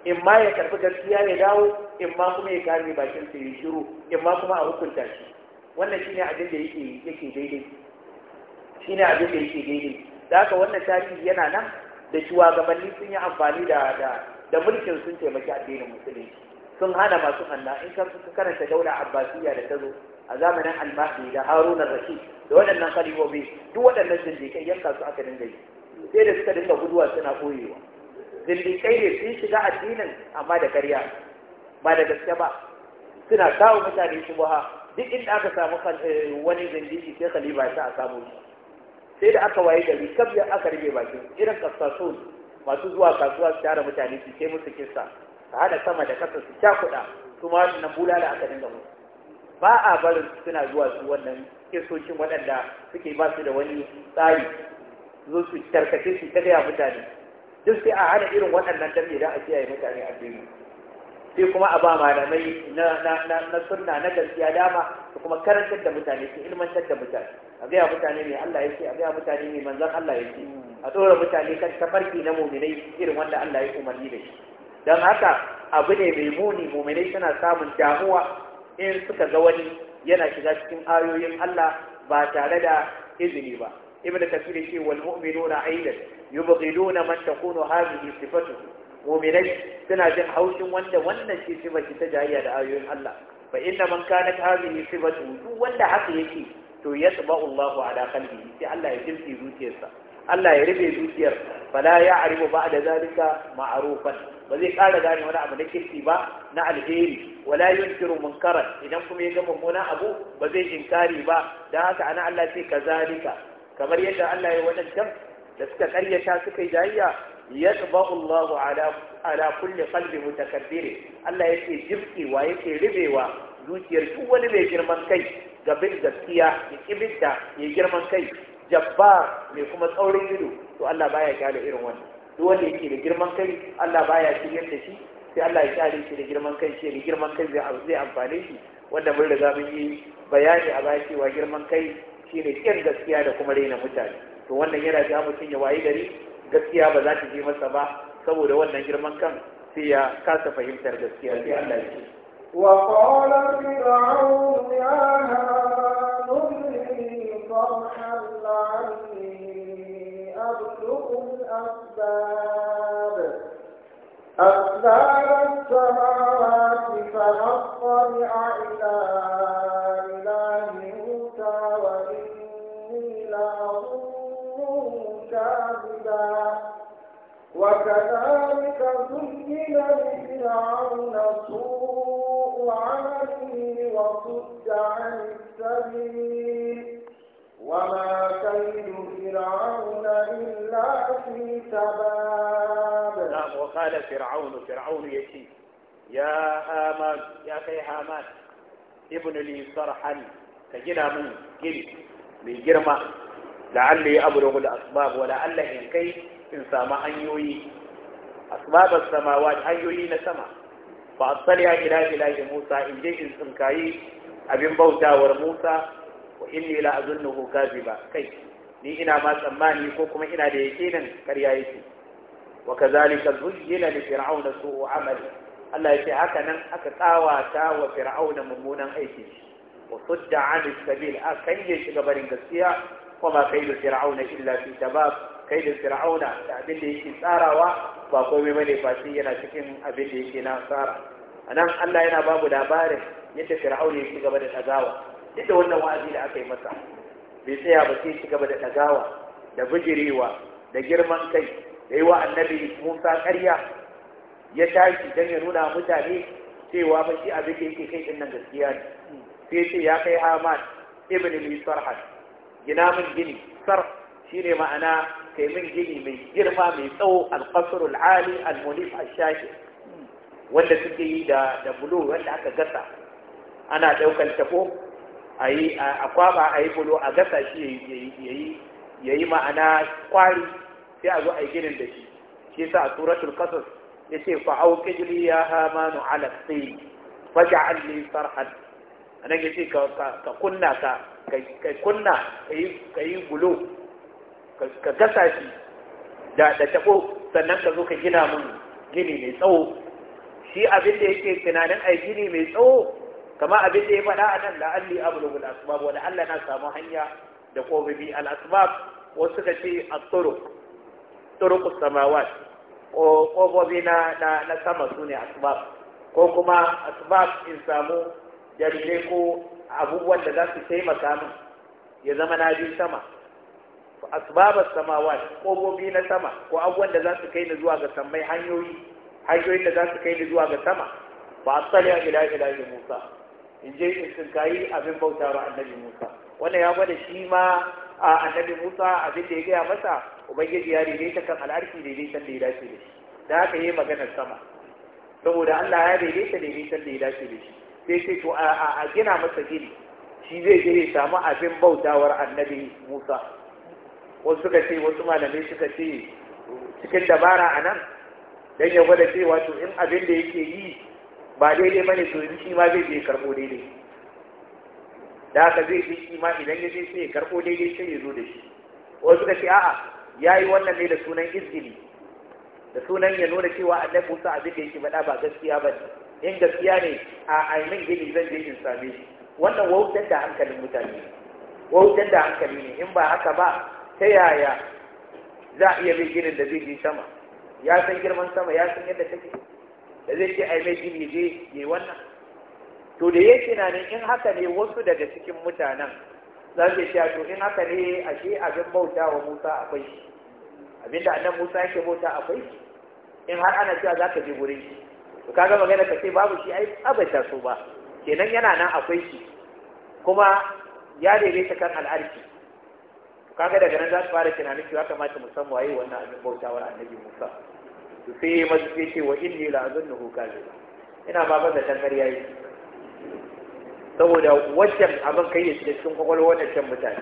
in ma ya karɓi gaskiya ya dawo in ma kuma ya kare bakin sa ya shiru in ma kuma a hukunta shi wannan shine abin da yake yake daidai shine abin da yake daidai da haka wannan tarihi yana nan da shugabanni sun yi amfani da da da mulkin sun taimaki addinin musulunci sun hana masu hanna in ka karanta daula abbasiyya da ta a zamanin almahdi da harun rashid da waɗannan kalibobi duk waɗannan zindikai yanka su aka dinga yi sai da suka dinga guduwa suna koyewa zindikai ne sun shiga addinin amma da karya ba da gaske ba suna kawo mutane shubuha duk inda aka samu eh, wani zindiki sai khalifa ya sa a samu shi sai da aka waye gari kafin aka rige bakin irin kasasu masu zuwa kasuwa su tara mutane su kai musu kissa su hada sama da kasa su sha kuɗa su ma bula da aka dinga musu ba a barin suna zuwa su wannan kisocin waɗanda suke ba su da wani tsari zo su tarkace su ta gaya mutane duk sai a hana irin waɗannan dambe da a kiyaye mutane addini sai kuma a ba malamai na na na na sunna gaskiya dama da kuma karantar da mutane su ilmantar da mutane a gaya mutane ne Allah ya ce a gaya mutane ne manzon Allah ya ce a tsora mutane kan tafarki na muminai irin wanda Allah ya umarni da shi don haka abu ne mai muni muminai suna samun damuwa in suka ga wani yana shiga cikin ayoyin Allah ba tare da izini ba ibn kasir ce wal mu'minuna aidan yubghiduna man takunu hadhihi sifatuhu mu'minai suna jin haushin wanda wannan shi shi ta jayayya da ayoyin Allah fa inna man kanat hadhihi sifatu duk wanda haka yake to a Allahu ala qalbihi sai Allah ya tilki zuciyarsa Allah ya rufe zuciyar fala ya arifu ba da zalika ma'arufan ba zai ƙara gane wani abu na kirki ba na alheri wala yunkiru munkara idan kuma ya ga mummunan abu ba zai inkari ba dan haka ana Allah sai kazalika kamar yadda Allah ya wadancan da suka karyata suka yi jayayya yadbahu Allahu ala ala kulli qalbi mutakabbir Allah yake wa yake ribewa zuciyar duk wani mai girman kai ga bin gaskiya ya kibinta ya girman kai jabba mai kuma tsaurin ido to Allah baya kyale irin wannan duk wanda yake da girman kai Allah baya cikin da shi sai Allah ya kyale shi da girman kai shi da girman kai zai amfane shi wanda mun riga mun yi bayani a baya cewa girman kai shine kyan gaskiya da kuma raina mutane to wannan yana da mutum ya wayi gari gaskiya ba za ta je masa ba saboda wannan girman kan sai ya kasa fahimtar gaskiya sai Allah ya ce وقال فرعون يا هامان صرحا لعلي أبلغ الأسباب أسباب السماوات فأطلع إلى إلى فرعون سوء عملي وصد عن السبيل وما كيد فرعون إلا في تباب نعم وقال فرعون فرعون يشي يا هامان يا كي هامان ابن لي صرحا كجنا من جري من جرمة لعلي أبلغ الأسباب ولعل إن كي إن سامع أن يوي asbabas samawat hanyoyi na sama ba asaliya ila ilahi musa in je in tsinkayi abin bautawar musa wa inni la azunnuhu kaziba kai ni ina ma tsammani ko kuma ina da yakinin karya yake wa kazalika zuyyina li fir'auna su'u amali Allah ya ce haka nan aka tsawata wa fir'auna mummunan aiki wa sudda an sabil akan ya shiga barin gaskiya kuma da fir'auna illa fi tabab kai da fir'auna da abin da yake tsarawa ba komai bane fashi yana cikin abin da yake na tsara anan Allah yana babu labarin yadda fir'auna ya gaba da tagawa duk da wannan wa'azi da aka yi masa bai tsaya ba sai ya gaba da tagawa da bijirewa da girman kai da yi annabi Musa ƙarya ya tashi dan ya nuna mutane cewa ba shi abin da yake kai din nan gaskiya ne sai sai ya kai ahmad ibn Misarhat gina min gini sar shine ma'ana kai min gini mai girma mai tsawo alqasrul ali almunif a shafi wanda suke yi da bulo wanda aka gasa ana daukar tafo ayi a kwaba ayi bulo a gasa shi yayi yi ma'ana kwari sai a zo ginin da shi shi a suratul qasas yace fa auqid li ya hamanu ala tin faj'al li sarhan anan yace ka kunna ka kunna ka yi bulo. ka gasa shi da da tabo sannan ka zo ka gina mun gini mai tsawo shi abin da yake tunanin ai gini mai tsawo kama abin da ya faɗa a nan da alli abulu bil asbab wa Allah na samu hanya da kobibi al asbab wasu suka ce at turuqus samawat ko kobobi na na sama sune asbab ko kuma asbab in samu dalilai ko abubuwan da za su taimaka min ya zama na bi sama asbabar samawa ƙofofi na sama ko abubuwan da za su kai ni zuwa ga sammai hanyoyi hanyoyin da za su kai ni zuwa ga sama ba a ya a ila ila musa in je in tsinkayi abin bauta ba annabi musa wannan ya gwada shi ma a annabi musa abin da ya gaya masa ubangiji ya daidaita kan al'arki daidaitan da ya dace da shi da haka yi maganar sama saboda allah ya daidaita daidaitan da ya dace da shi sai sai to a gina masa gini shi zai je ya samu abin bautawar annabi musa wasu suka ce wasu malamai suka ce cikin dabara a nan don ya gwada cewa to in abin da yake yi ba daidai ne to yi shi ma zai je karɓo daidai da aka zai je shi ma idan ya je sai ya karɓo daidai sai ya zo da shi wasu suka ce a'a ya yi wannan ne da sunan izgili da sunan ya nuna cewa annabi Musa abin da yake faɗa ba gaskiya ba ne in gaskiya ne a ainihin gini zan je in same shi wannan wautar da hankalin mutane wautar da hankali ne in ba haka ba ta yaya za a iya bin ginin da zai je sama ya san girman sama ya san yadda take da zai ce ai mai gini je ya wannan to da yake na nan in haka ne wasu daga cikin mutanen za su ce to in haka ne ashe abin bauta wa Musa akwai abinda annan Musa yake bauta akwai in har ana cewa ka je wurin shi to kaga magana ka ce babu shi ai abata so ba kenan yana nan akwai shi kuma ya daidaita kan al'arki kaga daga nan za su fara tunanin cewa kamata mu san waye wannan abin bautawar annabi Musa to sai masu sai ce wa inni la azunnuhu kadhiba ina ba ba da ƙarya yi saboda waccan abin kai ya da cikin kwakwalwar wannan mutane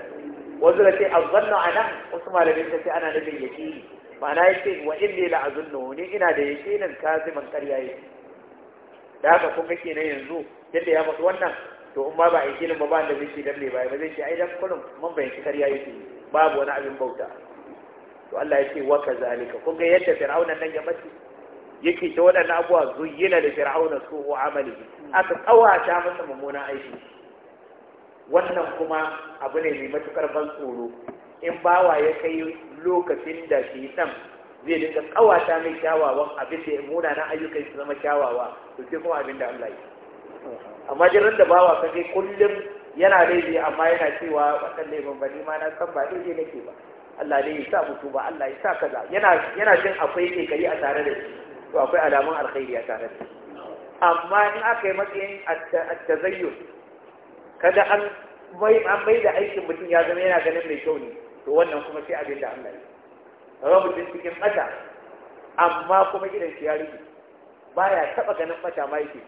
wasu da ce azanna ana wasu malami ta ce ana nufin yake ma'ana ya ce wa inni la azunnuhu ni ina da nan kaziman ƙarya yi da haka kun kake na yanzu yadda ya faɗi wannan to in ma ba a yi ba ba da zai ce dan ne ba zai ce ai dan kullum mun bayyana ƙarya yake yi babu wani abin bauta to Allah ya ce wa kazalika kun ga yadda fir'auna nan ya mace yake ta waɗannan abuwa zuyyina da fir'auna su amali aka tsawata masa mummunan aiki wannan kuma abu ne mai matukar ban tsoro in bawa ya kai lokacin da shi nan zai dinga tsawata mai kyawawan abin da munanan ayyukan su zama kyawawa to sai kuma abin da Allah ya amma jiran da bawa ka kai kullum yana laifi amma yana cewa wannan laifin ba ni ma na san ba daidai nake ba Allah ne ya sa mutu ba Allah ya sa kaza yana yana jin akwai ke kai a tare da shi to akwai alamun alkhairi a tare da shi amma in aka yi matsayin at-tazayyun kada an bai an bai da aikin mutum ya zama yana ganin mai kyau ne to wannan kuma sai abin da Allah ya rabu din cikin bata amma kuma gidan shi ya rike baya taba ganin mata ma yake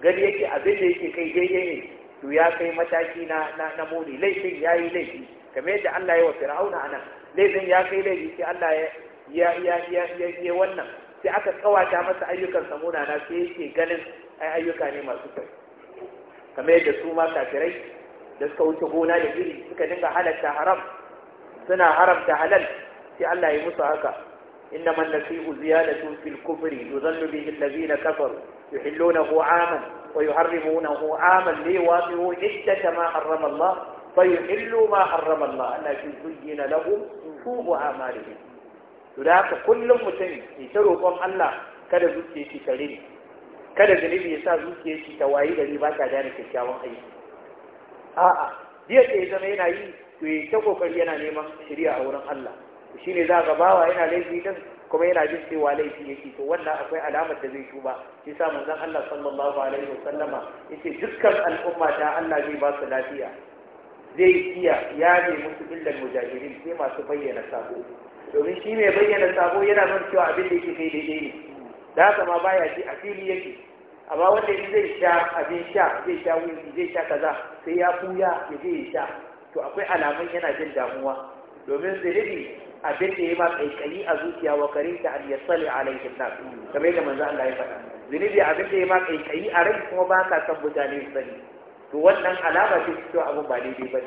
gani yake abin da yake kai daidai ne to ya kai mataki na na muni laifin yayi laifi kamar yadda Allah ya wa fir'auna anan laifin ya kai laifi sai Allah ya ya ya ya wannan sai aka kawata masa ayyukan samuna na sai yake ganin ai ayyuka ne masu kyau kamar yadda su ma kafirai da suka wuce gona da iri suka dinga halatta haram suna haramta halal sai Allah ya musu haka إنما النسيء زيادة في الكفر يظن به الذين na يحلونه aman. ويحرمونه عاما ليواطئوا عدة ما حرم الله فيحلوا ما حرم الله الذي زين لهم سوء أعمالهم ذلك كل متن يتروقهم الله kada zuciya shi ta rini kada zunubi ya sa zuciya shi ta wayi gari ba ta gane kyakkyawan aiki a'a jiya ta zama yana yi to ya ta kokari yana neman shirya a wurin Allah shi ne za yana laifi din kuma yana jin cewa laifi yake to wannan akwai alamar da zai tuba yasa manzon Allah sallallahu alaihi wasallama yace dukkan al'umma ta Allah zai ba su lafiya zai iya yare musu illal mujahirin sai masu bayyana sabo domin shi mai bayyana sabo yana nuna cewa abin da yake kai daidai ne da haka ma baya shi a fili yake amma wanda in zai sha abin sha zai sha wuri zai sha kaza sai ya buya ya je ya sha to akwai alamun yana jin damuwa domin zai abin da ya ma kaikali a zuciya wa karinta an yasali alaihi nas kamar yadda manzo Allah ya faɗa zunubi abin da ya ma kaikali a rai kuma ba ka san mutane su sani to wannan alama ce ce abin ba daidai ba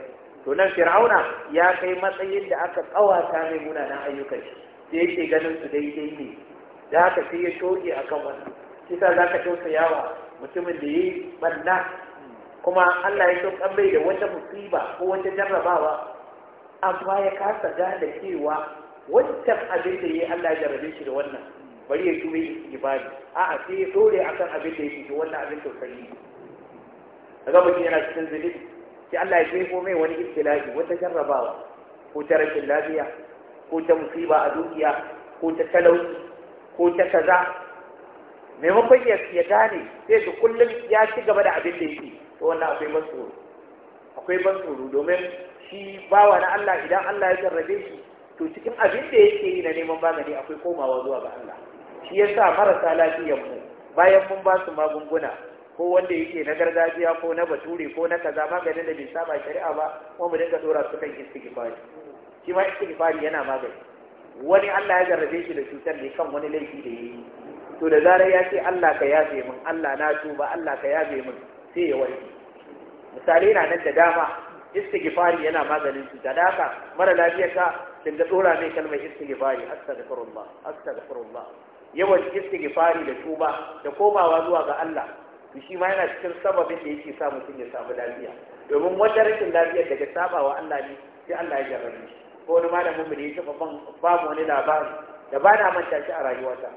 to nan fir'auna ya kai matsayin da aka kawata mai munanan ayyukan shi sai yake ganin su daidai ne da haka sai ya shoge akan wannan kisa za ka yawa mutumin da ya yi ɓanna. kuma Allah ya saukan bai da wata musiba ko wata jarrabawa amma ya kasa gane cewa wancan abin da ya Allah ya rabe shi da wannan bari ya tuwe ibadi a'a sai ya dore akan abin da ya fi wannan abin tausayi ga mutum yana cikin zunubi sai Allah ya jefo mai wani ibtila'i wata jarrabawa ko ta rashin lafiya ko ta musiba a dukiya ko ta talauci ko ta kaza maimakon ya gane sai su kullum ya ci gaba da abin da yake to wannan akwai ban akwai ban tsoro domin shi bawa na Allah idan Allah ya jarrabe shi to cikin abin da yake yi na neman magani akwai komawa zuwa ga Allah shi yasa marasa lafiyar mu bayan mun ba su magunguna ko wanda yake na gargajiya ko na bature ko na kaza maganin da bai saba shari'a ba kuma mu dinga dora su kan istighfari shi ma istighfari yana magani wani Allah ya jarrabe shi da cutar ne kan wani laifi da yayi to da zarar ya ce Allah ka yafe min Allah na tuba Allah ka yafe min sai ya wani. misali na nan da dama istighfari yana maganin cuta da haka mara lafiya ka dinga dora mai kalmar istighfari astaghfirullah astaghfirullah yawan istighfari da tuba da komawa zuwa ga Allah to shi ma yana cikin sababin da yake sa mutum ya samu lafiya domin wata rashin lafiya daga sabawa Allah ne sai Allah ya jarrabe shi ko wani malamin mu da ya taba ban babu wani labari da ba na manta shi a rayuwata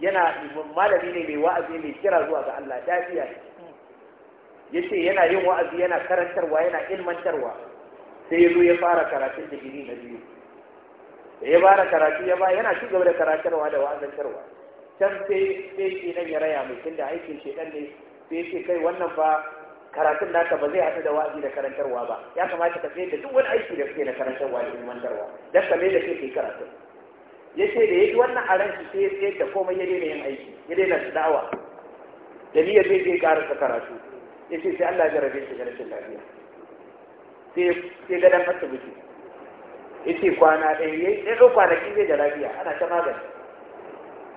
yana malami ne mai wa'azi mai kira zuwa ga Allah lafiya ne ya ce yana yin wa'azi yana karantarwa yana ilmantarwa sai ya zo ya fara karatun digiri na biyu da ya fara karatu ya ba yana ci gaba da karatarwa da wa'azantarwa can sai sai nan ya raya mai tunda aikin shedan ne sai ya ce kai wannan ba karatun naka ba zai haɗu da wa'azi da karantarwa ba ya kamata ka tsaye da duk wani aiki da suke na karantarwa da ilmantarwa don ka mai da kai karatun ya ce da ya yi wannan aran shi sai ya tsaye da komai ya daina yin aiki ya daina da'awa da niyyar zai je karasa karatu ya sai Allah ya jarabe shi da rashin lafiya sai gadon asibiti buci ce kwana ɗaya sai ɗau kwanaki kike da lafiya ana ta magani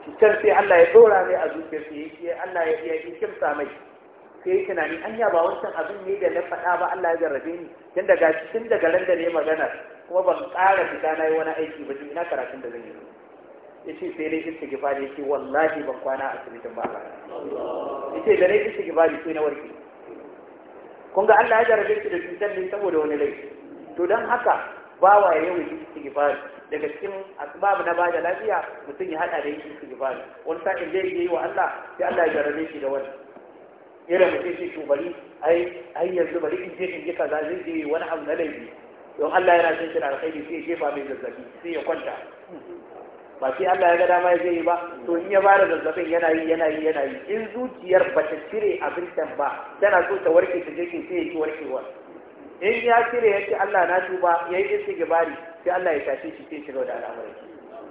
cutar sai Allah ya ɗora mai a zuciyar sai Allah ya yi kimsa mai sai ya tunani an ya ba wancan abin ne da na faɗa ba Allah ya jarrabe ni tun daga tun daga ran da ne magana kuma ban ƙara fita na yi wani aiki ba ina karatun da zan yi yace ce sai dai istighfar ya ce wallahi ban kwana a asibitin ba Allah ya ce da na istighfar sai na warke kun ga Allah ya jarabe shi da cutar ne saboda wani laifi to don haka ba wa ya yawan gifari daga cikin asibabu na bada lafiya mutum ya hada da yin gifari wani sa'in zai yi wa Allah sai Allah ya jarabe shi da wani irin mutum shi to bari ai ai yanzu bari in je in ji kaza zai je wani abu na laifi don Allah yana cin shi da alkhairi sai ya jefa mai zazzabi sai ya kwanta ba shi Allah ya ga dama ya yi ba to in ya bada zazzabin yana yi yana yi yana yi in zuciyar ba ta cire abincin ba tana so ta warke ta je ke sai ya ci warkewa in ya cire ya ce Allah na tuba ya yi istighfari sai Allah ya tashe shi sai shiga da al'amari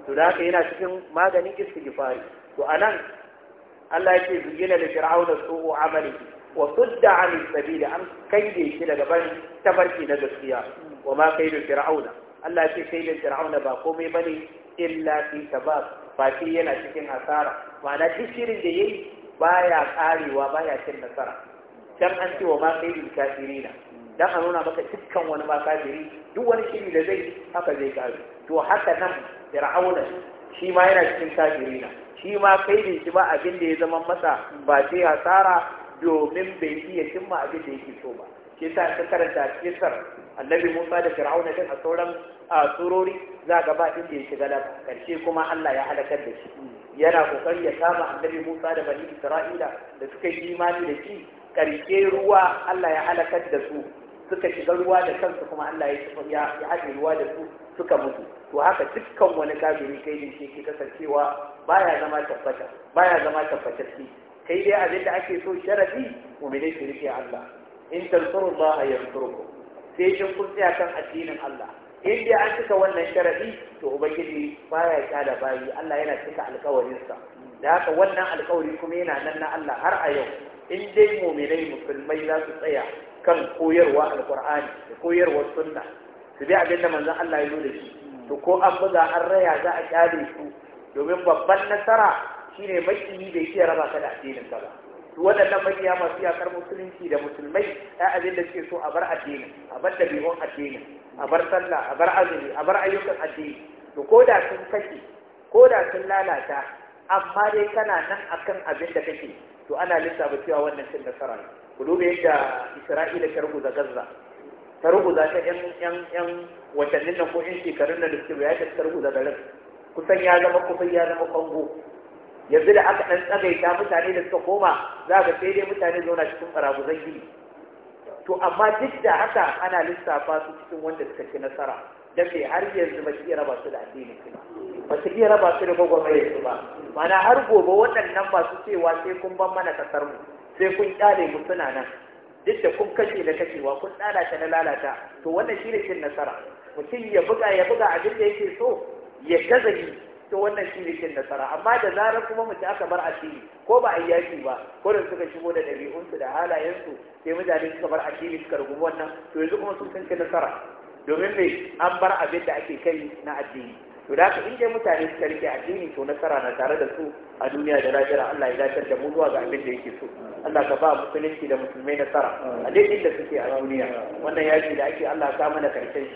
to da haka yana cikin maganin istighfari to anan Allah ya ce zuyina da fir'auna su'u amalihi wa sudda an sabili an kaide shi daga ban tabarki na gaskiya wa ma kaidu fir'auna Allah ya ce kaidin fir'auna ba komai bane illa fi sabab fashi yana cikin asara. Mana duk shirin da yayi baya karewa baya cin nasara dan an ce wa ma kai kafirina dan a nuna maka dukkan wani ma kafiri duk wani shiri da zai haka zai kare to haka nan fir'auna shi ma yana cikin kafirina shi ma kai ne shi ba abin da ya zama masa ba sai asara domin bai iya cimma abin da yake so ba shi yasa karanta kisar annabi Musa da Fir'auna din a sauran surori za ga ba da ya shiga da karshe kuma Allah ya halakar da shi yana kokari ya kama annabi Musa da bani Isra'ila da suka yi imani da shi karshe ruwa Allah ya halakar da su suka shiga ruwa da kansu kuma Allah ya haɗe ruwa da su suka mutu to haka dukkan wani kafiri kai ne ke kasancewa baya zama tabbata baya zama tabbatacce kai dai abin da ake so sharafi mu bi dai shirki Allah in tansurullah yansurkum sai shin kun kan addinin Allah in dai an cika wannan sharadi to ubangiji baya kyala bayi Allah yana cika alkawarinsa da haka wannan alkawari kuma yana nan na Allah har a yau in dai mu'minai musulmai za su tsaya kan koyarwa alƙur'ani da koyarwar sunna su bi abin da manzon Allah ya da shi to ko an buga an raya za a kyale su domin babban nasara shine makiyi da yake raba ka da addinin ka ba waɗannan makiya masu yakar musulunci da musulmai ya abin da suke so a bar addini a bar ɗabi'un addini a bar sallah a bar azumi a bar ayyukan addini to ko da sun kashe ko da sun lalata amma dai kana nan akan abin da kake to ana lissafa cewa wannan cin nasara ne ku duba yadda isra'ila ta ruguza gaza ta ruguza ta yan yan yan watannin nan ko yan shekarun nan da suke bayar ta ruguza garin kusan ya zama kusan ya zama kwango yanzu da aka ɗan tsagaita mutane da suka koma za ga sai dai mutane zauna cikin ɓaraguzan gini to amma duk da haka ana lissafa su cikin wanda suka ci nasara da kai har yanzu ba su iya raba su da addinin su ba ba su iya raba su da gwagwarmayar su ba mana har gobe waɗannan masu cewa sai kun ban mana kasar mu sai kun ƙyale mu suna nan duk da kun kashe da kashewa kun lalata na lalata to wannan shi ne cin nasara mutum ya buga ya buga abin da yake so ya gaza to wannan shi ne cin nasara amma da zarar kuma mace aka bar asiri ko ba a yaki ba ko da suka shigo da ɗabi'unsu da halayen su, sai mutane suka bar asiri suka rugumi wannan to yanzu kuma sun kanke nasara domin mai an bar abin da ake kai na addini to da ka inda mutane su rike addini to nasara na tare da su a duniya da lafiya Allah ya dakatar da mu ga abin da yake so Allah ka ba musulunci da musulmai nasara a daidai da suke a duniya wannan yaki da ake Allah ka mana karshen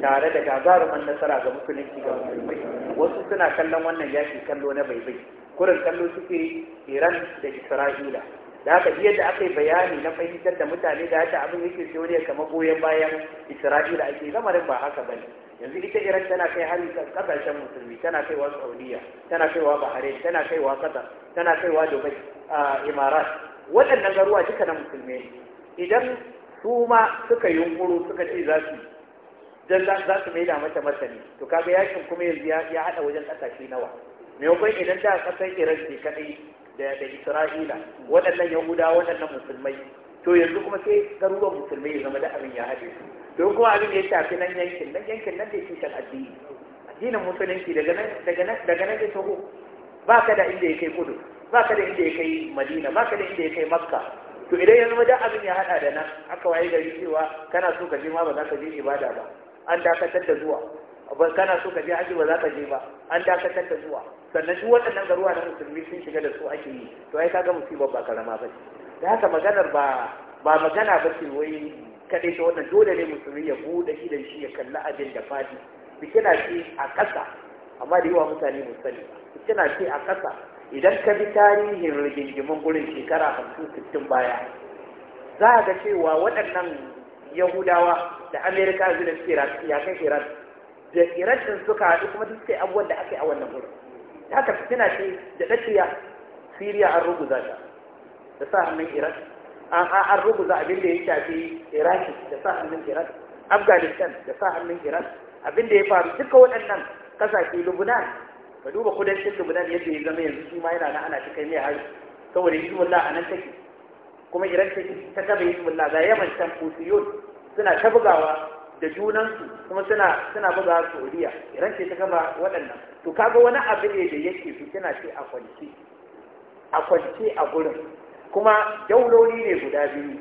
tare da gagarumin nasara ga musulunci ga musulmai wasu suna kallon wannan yaki kallo na baibai kurin kallo suke Iran da Isra'ila da haka biyar da aka yi bayani na fahimtar da mutane da haka abin yake shi wani kamar goyon bayan Isra'ila ake zama lamarin ba haka bane yanzu ita iran tana kai hari kasashen musulmi tana kai wa saudiya tana kai wa bahrain tana kai wa qatar tana kai wa dubai a imarat waɗannan garuwa duka na musulmi idan su ma suka yunkuru suka ce za su dan za su maida mata martani to kaga yakin kuma yanzu ya haɗa wajen ƙasashe nawa maimakon idan da ƙasar iran ce kaɗai da Isra'ila waɗannan Yahuda waɗannan musulmai to yanzu kuma sai garuruwan musulmi ya zama da abin ya haɗe su don kuma abin da ya shafi nan yankin nan yankin nan da ya tushen addini addinin musulunci daga nan ya taho ba ka da inda ya kai kudu ba ka da inda ya kai madina ba ka da inda ya kai makka to idan ya zama da abin ya haɗa da nan aka waye gari cewa kana so ka je ma ba za ka je ibada ba an dakatar da zuwa ba kana so ka je haji ba za ka je ba an dakatar da zuwa sannan duk waɗannan garuwa na musulmi sun shiga da su ake yi to ai kaga musibar ba karama ba ce da haka maganar ba ba magana ba ce wai kaɗai ta wannan dole ne musulmi ya buɗe idan shi ya kalli abin da fadi fitina ce a ƙasa amma da yawa mutane mu sani fitina ce a ƙasa idan ka bi tarihin rigingimin gurin shekara hamsin sittin baya za a ga cewa waɗannan yahudawa da amerika zuwa da suke iran da iran ɗin suka haɗu kuma duk sai abubuwan da aka yi a wannan gurin haka fitina ce da ɗaciya siriya an ruguza ta da sa hannun iraq an an rubuta abin da ya shafi iraq da sa hannun iraq afghanistan da sa hannun iraq abin da ya faru duka waɗannan kasashe lubunan ka duba kudancin lubunan yadda ya zama yanzu shi ma yana nan ana ta kai mai hari saboda hizbullah a nan take kuma iran ta taba hizbullah ga yaman can fusiyon suna ta bugawa da junansu kuma suna suna bugawa saudiya iran ce ta gama waɗannan to kaga wani abu ne da yake su tana ce a kwance a kwance a gurin kuma dauloli ne guda biyu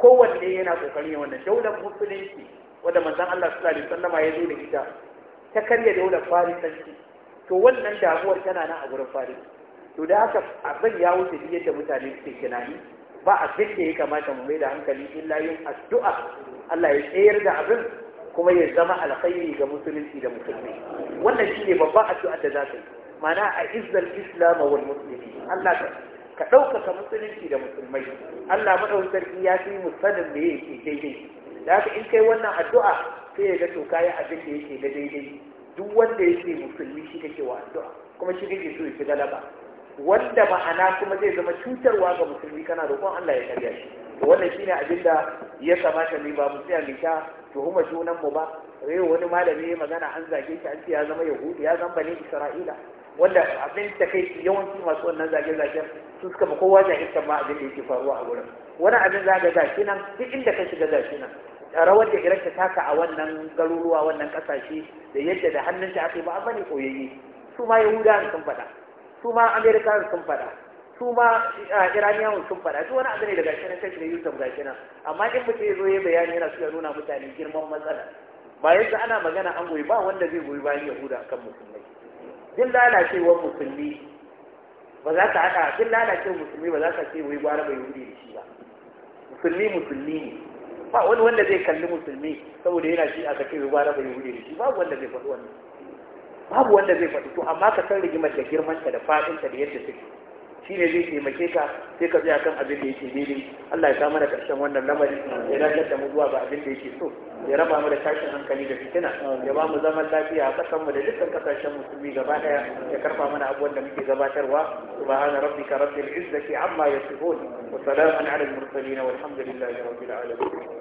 kowanne yana kokarin yin wannan daular musulunci wanda manzon Allah sallallahu alaihi wasallama ya zo da ita ta karya daular farisanci to wannan damuwar tana nan a gurin faris to da haka abin ya wuce duk yadda mutane suke tunani ba abin da ya kamata mu mai da hankali illa yin addu'a Allah ya tsayar da abin kuma ya zama alkhairi ga musulunci da musulmi wannan shine babban addu'a da za ta yi mana a izzal islam wal muslimin Allah ka ɗaukaka musulunci da musulmai Allah madaukakin sarki ya fi mu da me yake daidai da haka in kai wannan addu'a sai ya ga to kayi abin da yake da daidai duk wanda yake musulmi shi kake wa addu'a kuma shi kake so ya ci galaba wanda ma'ana kuma zai zama cutarwa ga musulmi kana roƙon Allah ya karya shi to wannan shine abin da ya kamata ne ba mu tsaya mu to tuhuma junan mu ba rai wani malami ya magana an zage shi an ce ya zama yahudi ya zamba ne isra'ila wanda abin da kai yawanci masu wannan zage-zagen sun suka kowa jahilta ma abin da yake faruwa a wurin wani abin za ga nan duk inda ka shiga gashi nan rawar da iranta taka a wannan garuruwa wannan kasashe da yadda da hannun ta aka yi ba a bane koyayye su ma yahudawan sun faɗa su ma amerika sun faɗa su ma iraniyawan sun faɗa duk wani abin ne da ga shirin kashi na yusuf shi nan amma in mutum ya zo ya bayani yana so ya nuna mutane girman matsala ba yadda ana magana an goyi ba wanda zai goyi bayan yahuda kan musulmai duk lalacewar musulmi ba za ka haɗa duk lalacewar musulmi ba za ka ce wai gwara bai wuri da shi ba musulmi musulmi ne ba wani wanda zai kalli musulmi saboda yana shi a ce wai gwara bai wuri da shi babu wanda zai faɗi wannan babu wanda zai faɗi to amma ka san rigimar da girmanta da faɗinta da yadda take shi ne zai taimake ka sai ka zai kan abin da yake daidai Allah ya sa mana karshen wannan lamari ya da mu zuwa ga abin da yake so ya raba mu da tashin hankali da fitina ya ba mu zaman lafiya a kasan mu da dukkan kasashen musulmi gaba daya ya karfa mana abubuwan da muke gabatarwa subhana rabbika rabbil izzati amma yasifun wa salamun ala al mursalin walhamdulillahi rabbil alamin